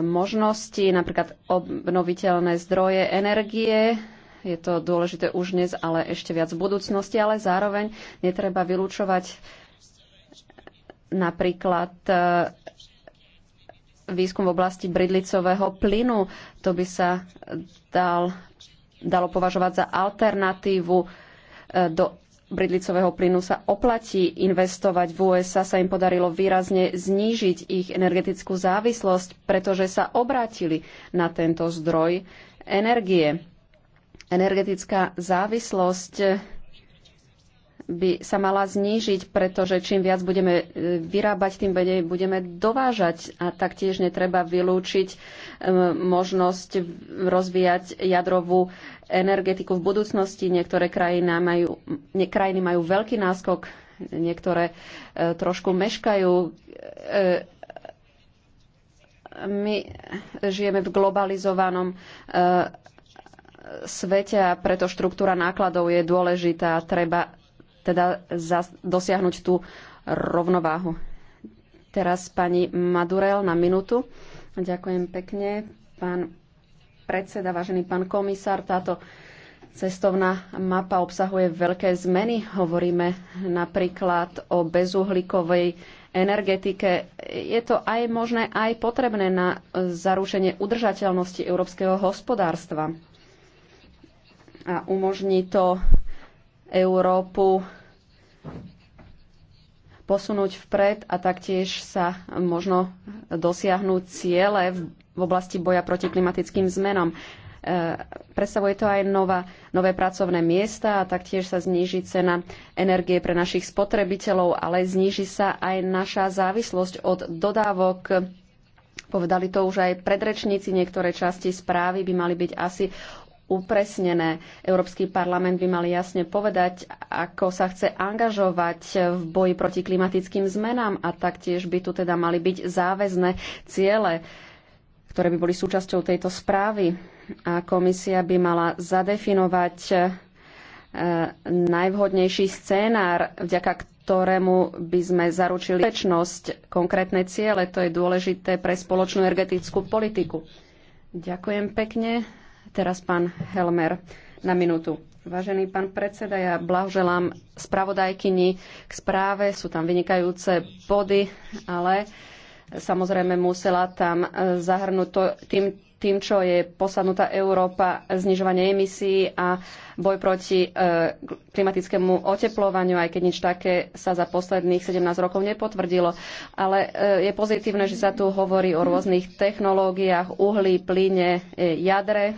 možnosti, napríklad obnoviteľné zdroje energie, je to dôležité už dnes, ale ešte viac v budúcnosti, ale zároveň netreba vylúčovať napríklad e, výskum v oblasti bridlicového plynu. To by sa dal, dalo považovať za alternatívu e, do bridlicového plynu sa oplatí investovať. V USA sa im podarilo výrazne znížiť ich energetickú závislosť, pretože sa obrátili na tento zdroj energie energetická závislosť by sa mala znížiť, pretože čím viac budeme e, vyrábať, tým menej budeme dovážať. A taktiež netreba vylúčiť e, možnosť rozvíjať jadrovú energetiku v budúcnosti. Niektoré krajiny majú, krajiny majú veľký náskok, niektoré e, trošku meškajú. My žijeme v globalizovanom svete a preto štruktúra nákladov je dôležitá. Treba teda dosiahnuť tú rovnováhu. Teraz pani Madurel na minútu. Ďakujem pekne. Pán predseda, vážený pán komisár, táto cestovná mapa obsahuje veľké zmeny. Hovoríme napríklad o bezuhlíkovej energetike. Je to aj možné, aj potrebné na zarušenie udržateľnosti európskeho hospodárstva a umožní to Európu posunúť vpred a taktiež sa možno dosiahnuť ciele v oblasti boja proti klimatickým zmenom. E, predstavuje to aj nová, nové pracovné miesta a taktiež sa zníži cena energie pre našich spotrebiteľov, ale zníži sa aj naša závislosť od dodávok Povedali to už aj predrečníci, niektoré časti správy by mali byť asi upresnené. Európsky parlament by mal jasne povedať, ako sa chce angažovať v boji proti klimatickým zmenám a taktiež by tu teda mali byť záväzné ciele, ktoré by boli súčasťou tejto správy. A komisia by mala zadefinovať e, najvhodnejší scénár, vďaka ktorému by sme zaručili bezpečnosť, konkrétne ciele. To je dôležité pre spoločnú energetickú politiku. Ďakujem pekne. Teraz pán Helmer na minútu. Vážený pán predseda, ja blahoželám spravodajkyni k správe. Sú tam vynikajúce body, ale samozrejme musela tam zahrnúť to, tým, tým, čo je posadnutá Európa, znižovanie emisí a boj proti e, klimatickému oteplovaniu, aj keď nič také sa za posledných 17 rokov nepotvrdilo. Ale e, je pozitívne, že sa tu hovorí o rôznych technológiách, uhlí, plyne, e, jadre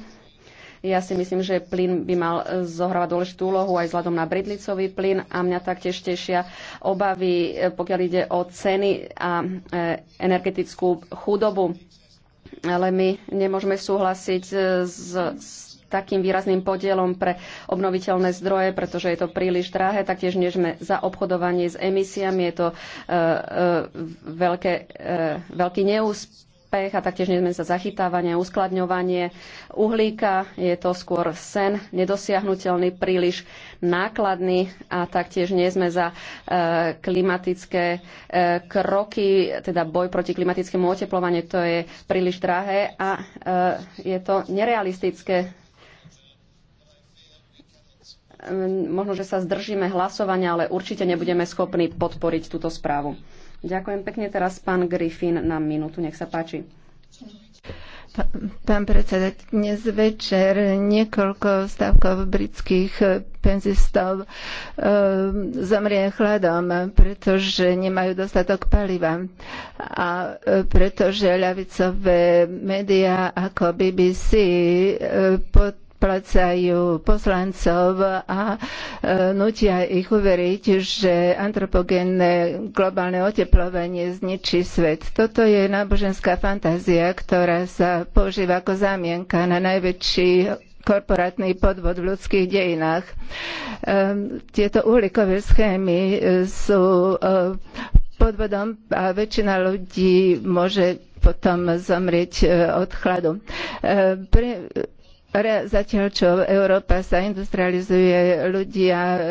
ja si myslím, že plyn by mal e, zohrávať dôležitú úlohu aj vzhľadom na bridlicový plyn a mňa taktiež tešia obavy, e, pokiaľ ide o ceny a e, energetickú chudobu. Ale my nemôžeme súhlasiť s, takým výrazným podielom pre obnoviteľné zdroje, pretože je to príliš drahé, taktiež nie sme za obchodovanie s emisiami, je to uh, uh, veľké, uh, veľký neúspech prospech a taktiež sme za zachytávanie, uskladňovanie uhlíka. Je to skôr sen, nedosiahnutelný, príliš nákladný a taktiež nie sme za e, klimatické e, kroky, teda boj proti klimatickému oteplovaniu, to je príliš drahé a e, je to nerealistické možno, že sa zdržíme hlasovania, ale určite nebudeme schopní podporiť túto správu. Ďakujem pekne teraz pán Griffin na minútu, nech sa páči. Pán predseda, dnes večer niekoľko stavkov britských penzistov e, eh, zomrie chladom, pretože nemajú dostatok paliva. A eh, pretože ľavicové médiá ako BBC e, eh, pod obplacajú poslancov a e, nutia ich uveriť, že antropogénne globálne oteplovanie zničí svet. Toto je náboženská fantázia, ktorá sa používa ako zámienka na najväčší korporátny podvod v ľudských dejinách. E, tieto uhlíkové schémy sú e, podvodom a väčšina ľudí môže potom zomrieť od chladu. Pre zatiaľ čo Európa sa industrializuje, ľudia e,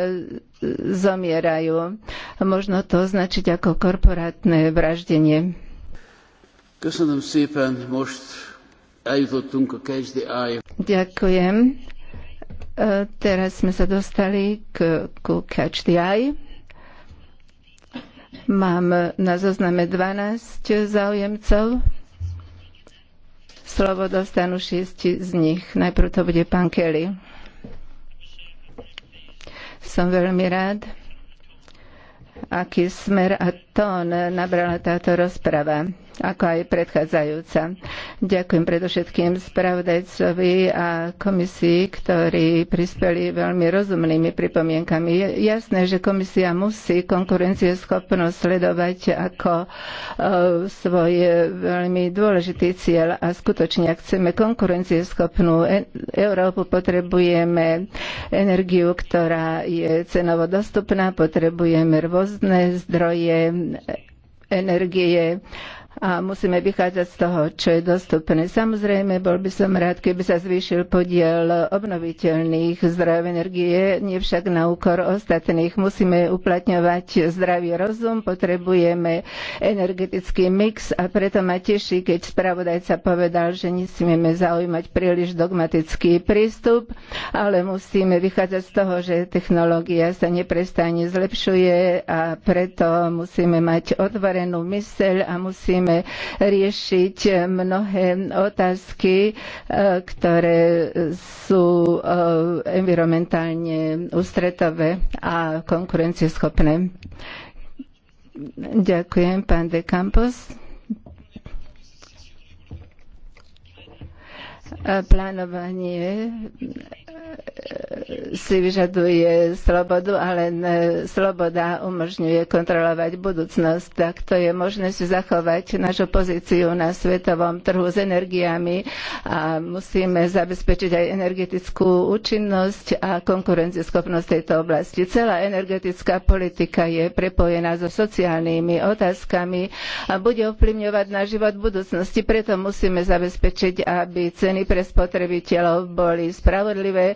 zomierajú. Možno to označiť ako korporátne vraždenie. Ďakujem. E, teraz sme sa dostali k, ku Catch the Eye. Mám na zozname 12 záujemcov. Slovo dostanú šiesti z nich. Najprv to bude pán Kelly. Som veľmi rád, aký smer a tón nabrala táto rozprava ako aj predchádzajúca. Ďakujem predovšetkým spravodajcovi a komisii, ktorí prispeli veľmi rozumnými pripomienkami. Je jasné, že komisia musí konkurencieschopnosť sledovať ako e, svoj veľmi dôležitý cieľ a skutočne, ak chceme konkurencieschopnú e, Európu, potrebujeme energiu, ktorá je cenovo dostupná, potrebujeme rôzne zdroje e, energie a musíme vychádzať z toho, čo je dostupné. Samozrejme, bol by som rád, keby sa zvýšil podiel obnoviteľných zdrojov energie, nie však na úkor ostatných. Musíme uplatňovať zdravý rozum, potrebujeme energetický mix a preto ma teší, keď spravodajca povedal, že nesmieme zaujímať príliš dogmatický prístup, ale musíme vychádzať z toho, že technológia sa neprestane zlepšuje a preto musíme mať otvorenú myseľ a musíme musíme riešiť mnohé otázky, e, ktoré sú e, environmentálne ústretové a konkurencieschopné. Ďakujem, pán de Campos. E, plánovanie E, si vyžaduje slobodu a len e, sloboda umožňuje kontrolovať budúcnosť. Tak to je možné si zachovať našu pozíciu na svetovom trhu s energiami a musíme zabezpečiť aj energetickú účinnosť a konkurencieschopnosť tejto oblasti. Celá energetická politika je prepojená so sociálnymi otázkami a bude ovplyvňovať náš život budúcnosti. Preto musíme zabezpečiť, aby ceny pre spotrebiteľov boli spravodlivé,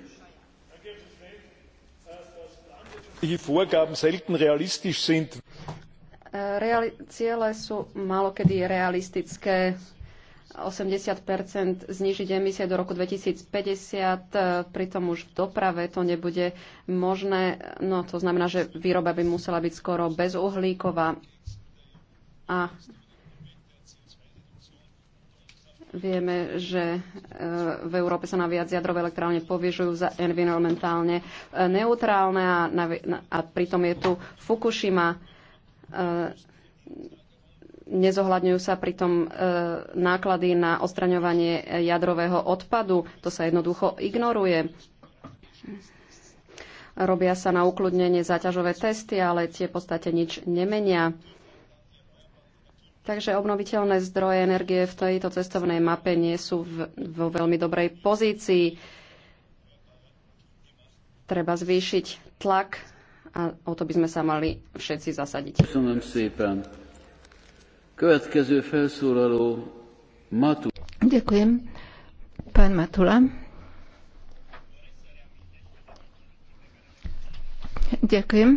die Vorgaben selten realistisch sind. Reali- ciele sú malokedy realistické. 80 znižiť emisie do roku 2050, e, pritom už v doprave to nebude možné. No to znamená, že výroba by musela byť skoro bezuhlíková. A Vieme, že e, v Európe sa naviac jadrové elektrárne považujú za environmentálne e, neutrálne a, a pritom je tu Fukushima. E, nezohľadňujú sa pritom náklady na ostraňovanie jadrového odpadu. To sa jednoducho ignoruje. Robia sa na ukludnenie záťažové testy, ale tie v podstate nič nemenia Takže obnoviteľné zdroje energie v tejto cestovnej mape nie sú vo veľmi dobrej pozícii. Treba zvýšiť tlak a o to by sme sa mali všetci zasadiť. Ďakujem. Pán Matula. Ďakujem.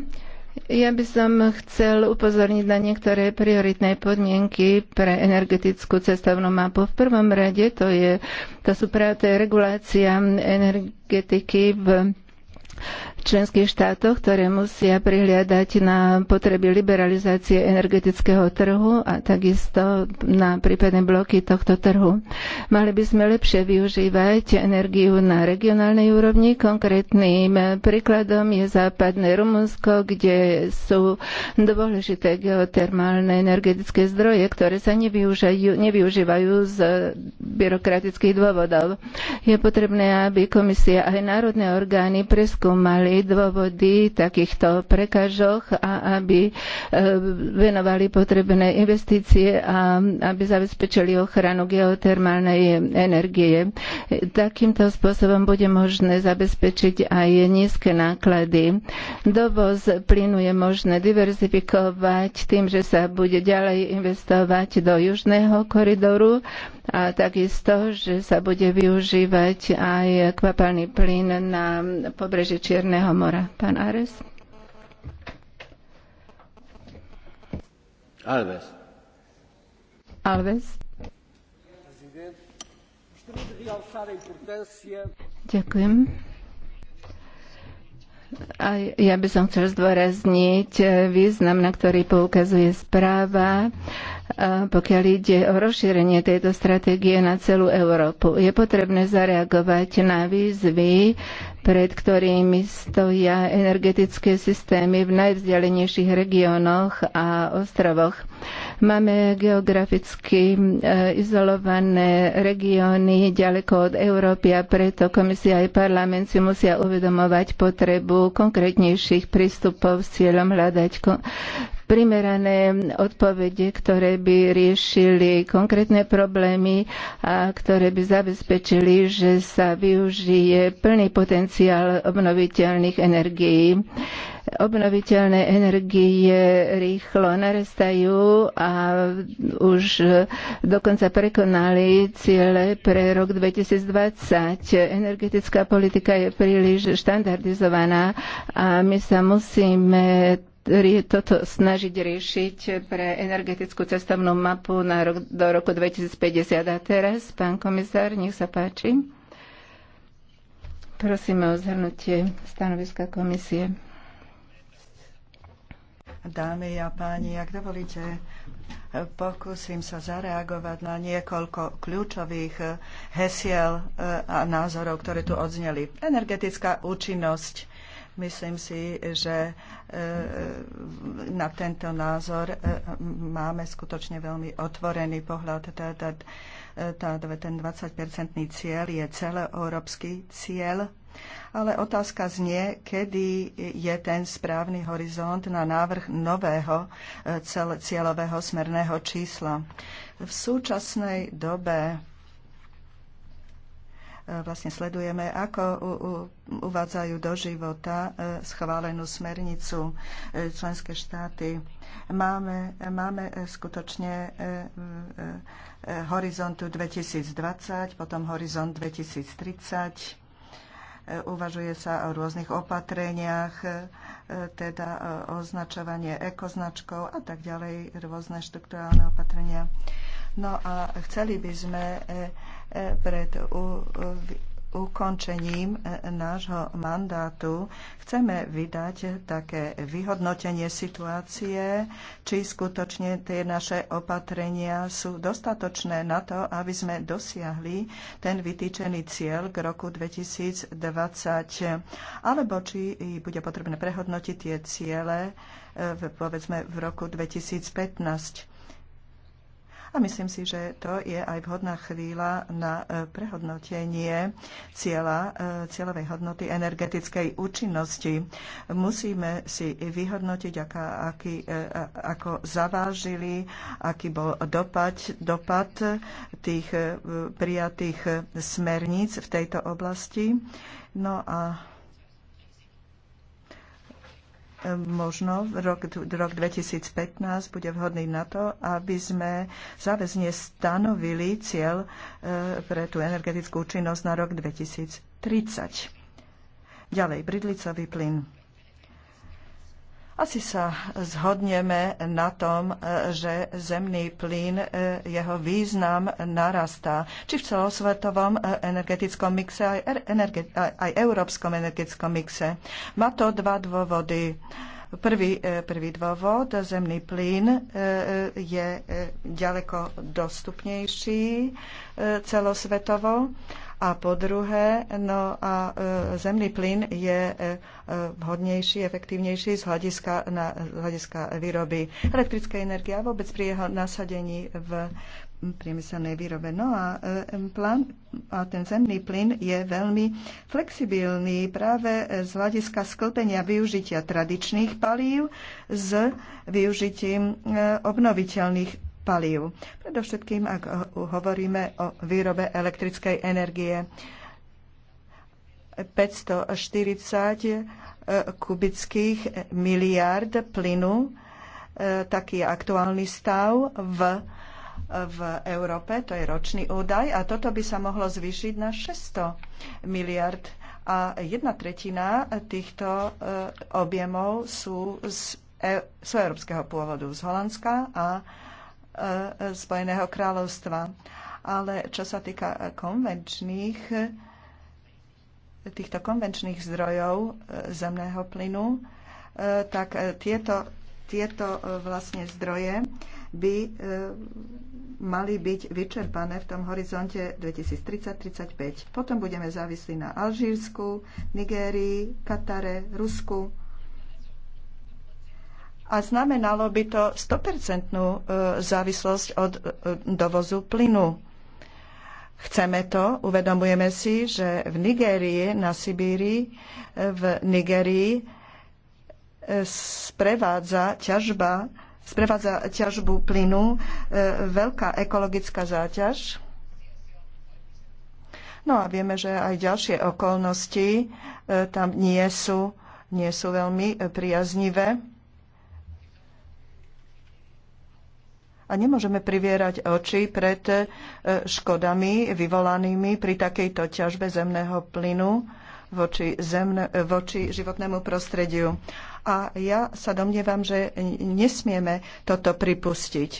Ja by som chcel upozorniť na niektoré prioritné podmienky pre energetickú cestovnú mapu. V prvom rade to, je, to sú práve regulácia energetiky v členských štátoch, ktoré musia prihliadať na potreby liberalizácie energetického trhu a takisto na prípadné bloky tohto trhu. Mali by sme lepšie využívať energiu na regionálnej úrovni. Konkrétnym príkladom je západné Rumunsko, kde sú dôležité geotermálne energetické zdroje, ktoré sa nevyužajú, nevyužívajú z byrokratických dôvodov. Je potrebné, aby komisia aj národné orgány preskúmali poznali dôvody takýchto prekážoch a aby e, venovali potrebné investície a aby zabezpečili ochranu geotermálnej energie. Takýmto spôsobom bude možné zabezpečiť aj nízke náklady. Dovoz plynu je možné diverzifikovať tým, že sa bude ďalej investovať do južného koridoru a takisto, že sa bude využívať aj kvapalný plyn na pobreží Čierneho mora. Pán Ares? Alves. Alves. Ďakujem. A ja by som chcel zdôrazniť eh, význam, na ktorý poukazuje správa, eh, pokiaľ ide o rozšírenie tejto stratégie na celú Európu. Je potrebné zareagovať na výzvy, pred ktorými stoja energetické systémy v najvzdialenejších regiónoch a ostrovoch. Máme geograficky e, izolované regióny ďaleko od Európy a preto komisia aj parlament si musia uvedomovať potrebu konkrétnejších prístupov s cieľom hľadať primerané odpovede, ktoré by riešili konkrétne problémy a ktoré by zabezpečili, že sa využije plný potenciál obnoviteľných energií obnoviteľné energie rýchlo narastajú a už dokonca prekonali ciele pre rok 2020. Energetická politika je príliš štandardizovaná a my sa musíme toto snažiť riešiť pre energetickú cestovnú mapu na rok, do roku 2050. A teraz, pán komisár, nech sa páči. Prosíme o zhrnutie stanoviska komisie. Dámy a páni, ak dovolíte, Pokúsim sa zareagovať na niekoľko kľúčových eh, hesiel eh, a názorov, ktoré tu odzneli. Energetická účinnosť Myslím si, že e, e, na tento názor e, máme skutočne veľmi otvorený pohľad. ten 20-percentný cieľ je celoeurópsky cieľ ale otázka znie, kedy je ten správny horizont na návrh nového cieľového smerného čísla. V súčasnej dobe E, vlastne sledujeme, ako uvádzajú do života e, schválenú smernicu e, členské štáty. Máme, máme skutočne horizontu 2020, potom horizont 2030 uvažuje sa o rôznych opatreniach, teda označovanie ekoznačkov a tak ďalej, rôzne štruktúrálne opatrenia. No a chceli by sme pred ukončením e, nášho mandátu chceme vydať také vyhodnotenie situácie, či skutočne tie naše opatrenia sú dostatočné na to, aby sme dosiahli ten vytýčený cieľ k roku 2020, alebo či bude potrebné prehodnotiť tie ciele, e, povedzme, v roku 2015 a myslím si, že to je aj vhodná chvíľa na e, prehodnotenie cieľa, e, cieľovej hodnoty energetickej účinnosti. Musíme si vyhodnotiť, aká, aký, e, ako zavážili, aký bol dopad, dopad tých prijatých smerníc v tejto oblasti. No a možno rok, rok 2015 bude vhodný na to, aby sme záväzne stanovili cieľ e, pre tú energetickú účinnosť na rok 2030. Ďalej, bridlicový plyn. Asi sa zhodneme na tom, e, že zemný plyn, e, jeho význam narastá, či v celosvetovom e, energetickom mixe, aj, er-, energe, aj európskom energetickom mixe. Má to dva dôvody. Prvý, prvý dôvod, zemný plyn je ďaleko dostupnejší celosvetovo a po druhé, no a e, zemný plyn je e, e, vhodnejší, efektívnejší z hľadiska, na, z hľadiska výroby elektrickej energie a vôbec pri jeho nasadení v priemyselnej výrobe. No a, plán, a ten zemný plyn je veľmi flexibilný práve z hľadiska sklpenia využitia tradičných palív s využitím obnoviteľných palív. Predovšetkým, ak hovoríme o výrobe elektrickej energie. 540 e, kubických miliard plynu, e, taký je aktuálny stav v, v Európe, to je ročný údaj, a toto by sa mohlo zvýšiť na 600 miliard. A jedna tretina týchto e, objemov sú z, sú európskeho pôvodu, z Holandska a E, Spojeného kráľovstva. Ale čo sa týka e, konvenčných, e, týchto konvenčných zdrojov zemného plynu, tak tieto, tieto vlastne zdroje by mali byť vyčerpané v tom horizonte 2030-35. Potom budeme závislí na Alžírsku, Nigérii, Katare, Rusku, a znamenalo by to 100% e, závislosť od e, dovozu plynu. Chceme to, uvedomujeme si, že v Nigérii, na Sibírii, e, v Nigérii sprevádza ťažba sprevádza ťažbu plynu veľká ekologická záťaž. No a vieme, že aj ďalšie okolnosti tam nie sú, nie sú veľmi priaznivé. a nemôžeme privierať oči pred e, škodami vyvolanými pri takejto ťažbe zemného plynu voči, zemne, e, voči životnému prostrediu. A ja sa domnievam, že nesmieme toto pripustiť,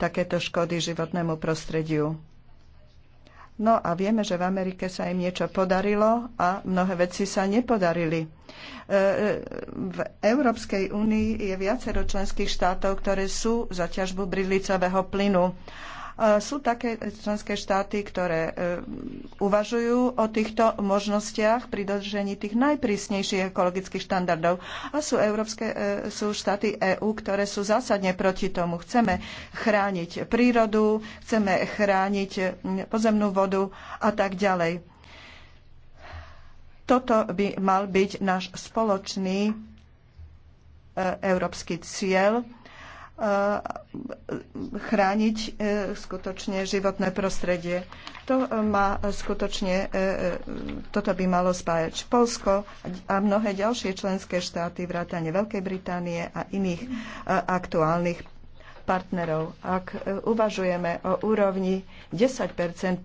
takéto škody životnému prostrediu. No a vieme, že v Amerike sa im niečo podarilo a mnohé veci sa nepodarili. E, e, v Európskej únii je viacero členských štátov, ktoré sú za ťažbu bridlicového plynu sú také členské štáty, ktoré e, uvažujú o týchto možnostiach pri dodržení tých najprísnejších ekologických štandardov. A sú, európske, e, sú štáty EÚ, ktoré sú zásadne proti tomu. Chceme chrániť prírodu, chceme chrániť pozemnú vodu a tak ďalej. Toto by mal byť náš spoločný e, európsky cieľ Eh, chrániť eh, skutočne životné prostredie. To má skutočne, eh, toto by malo spájať Polsko a mnohé ďalšie členské štáty, vrátane Veľkej Británie a iných aktuálnych partnerov. Ak uvažujeme o úrovni 10 15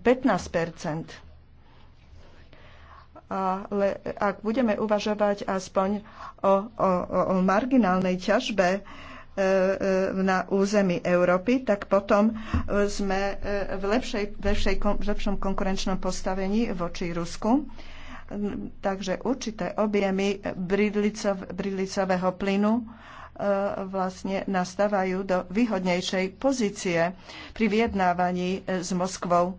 ale ak budeme uvažovať aspoň o, o, o marginálnej ťažbe, E, e, na území Európy, tak potom e, sme v, lepšej, lepšej, v lepšom konkurenčnom postavení voči Rusku. Takže určité objemy bridlicov, bridlicového plynu vlastne nastávajú do výhodnejšej pozície pri vyjednávaní s Moskvou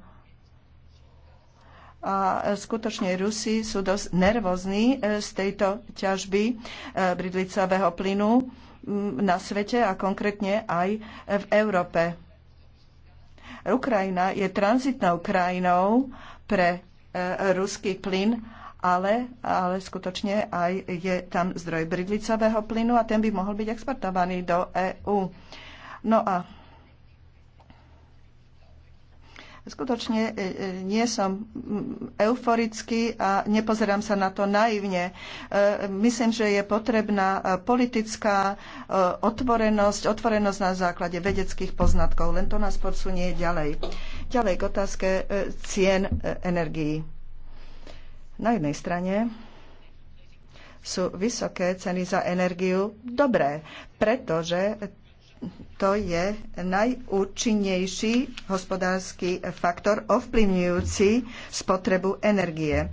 a skutočne Rusi sú dosť nervózni z tejto ťažby bridlicového plynu na svete a konkrétne aj v Európe. Ukrajina je tranzitnou krajinou pre e, ruský plyn, ale, ale skutočne aj je tam zdroj bridlicového plynu a ten by mohol byť exportovaný do EÚ. No a Skutočne e, e, nie som euforický a nepozerám sa na to naivne. E, myslím, že je potrebná politická otvorenosť, otvorenosť na základe vedeckých poznatkov. Len to nás podsunie ďalej. Ďalej k otázke cien energií. Na jednej strane sú vysoké ceny za energiu dobré, pretože to je najúčinnejší hospodársky faktor ovplyvňujúci spotrebu energie. E,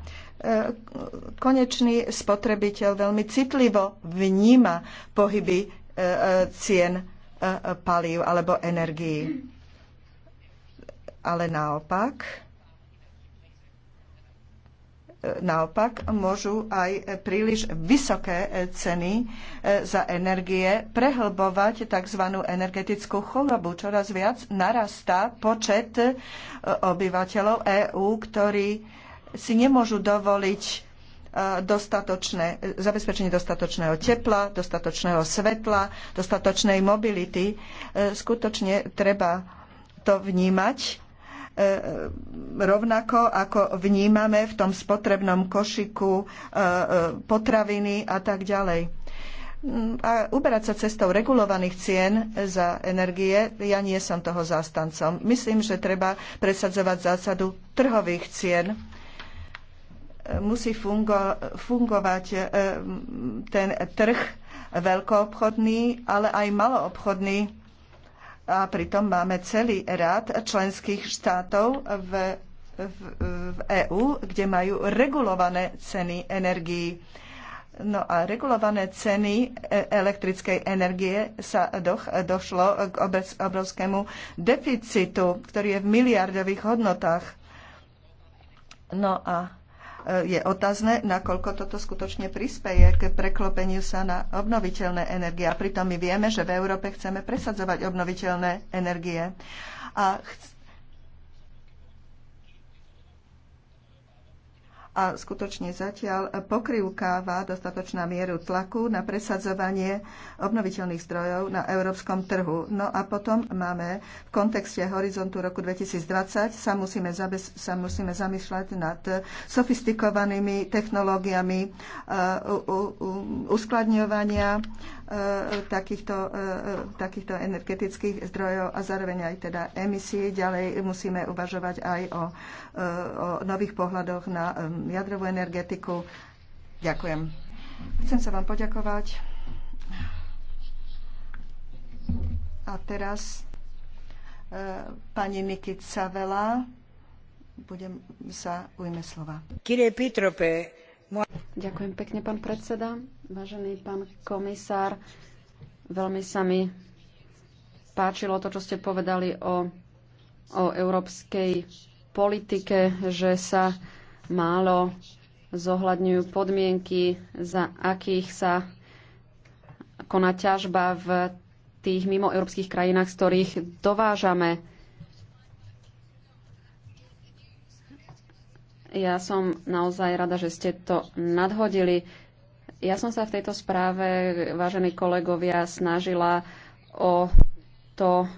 konečný spotrebiteľ veľmi citlivo vníma pohyby e, e, cien palív alebo energií. Ale naopak, Naopak môžu aj príliš vysoké e, ceny e, za energie prehlbovať tzv. energetickú chorobu. Čoraz viac narastá počet e, obyvateľov EÚ, ktorí si nemôžu dovoliť dostatočné, zabezpečenie dostatočného tepla, dostatočného svetla, dostatočnej mobility. Skutočne treba to vnímať E, e, rovnako ako vnímame v tom spotrebnom košiku e, potraviny a tak ďalej. A uberať sa cestou regulovaných cien za energie, ja nie som toho zástancom. Myslím, že treba presadzovať zásadu trhových cien musí fungo, fungovať ten trh veľkoobchodný, ale aj maloobchodný a pritom máme celý rad členských štátov v, v, v EÚ, kde majú regulované ceny energií. No a regulované ceny e, elektrickej energie sa do, došlo k obrovskému deficitu, ktorý je v miliardových hodnotách. No a E, je otázne, nakoľko toto skutočne prispeje k preklopeniu sa na obnoviteľné energie. A pritom my vieme, že v Európe chceme presadzovať obnoviteľné energie. A chc- a skutočne zatiaľ pokrivkáva dostatočná mieru tlaku na presadzovanie obnoviteľných zdrojov na európskom trhu. No a potom máme v kontexte horizontu roku 2020 sa musíme, zabez, sa musíme zamýšľať nad sofistikovanými technológiami uh, uskladňovania E, takýchto, e, e, takýchto energetických zdrojov a zároveň aj teda emisí. Ďalej musíme uvažovať aj o, o nových pohľadoch na jadrovú energetiku. Ďakujem. Chcem sa vám poďakovať. A teraz pani Niky Vela, budem sa ujme slova. Ďakujem pekne, pán predseda. Vážený pán komisár, veľmi sa mi páčilo to, čo ste povedali o, o európskej politike, že sa málo zohľadňujú podmienky, za akých sa koná ťažba v tých mimoeurópskych krajinách, z ktorých dovážame. Ja som naozaj rada, že ste to nadhodili. Ja som sa v tejto správe, vážení kolegovia, snažila o to,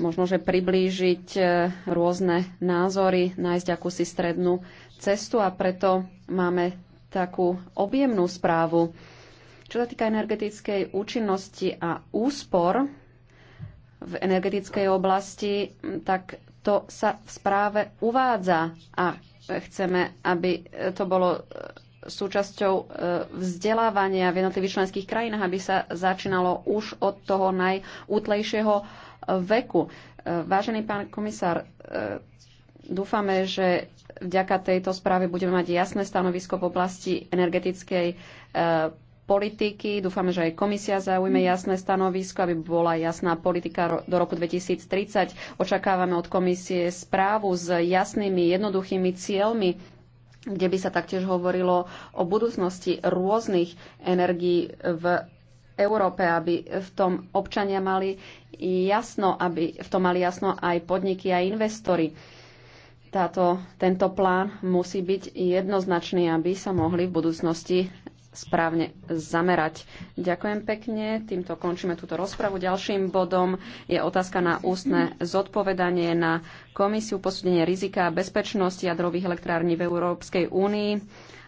možno, že priblížiť e, rôzne názory, nájsť akúsi strednú cestu a preto máme takú objemnú správu. Čo sa týka energetickej účinnosti a úspor v energetickej oblasti, tak to sa v správe uvádza a chceme, aby to bolo súčasťou e, vzdelávania v jednotlivých členských krajinách, aby sa začínalo už od toho najútlejšieho e, veku. E, vážený pán komisár, dúfame, že vďaka tejto správe budeme mať jasné stanovisko v oblasti energetickej politiky. Dúfame, že aj komisia zaujme jasné stanovisko, aby bola jasná politika do roku 2030. Očakávame od komisie správu s jasnými, jednoduchými cieľmi kde by sa taktiež hovorilo o budúcnosti rôznych energií v Európe, aby v tom občania mali jasno, aby v tom mali jasno aj podniky, aj investori. Táto, tento plán musí byť jednoznačný, aby sa mohli v budúcnosti správne zamerať. Ďakujem pekne, týmto končíme túto rozpravu. Ďalším bodom je otázka na ústne zodpovedanie na Komisiu posúdenie rizika a bezpečnosti jadrových elektrární v Európskej únii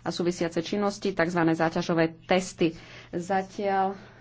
a súvisiace činnosti, tzv. záťažové testy. Zatiaľ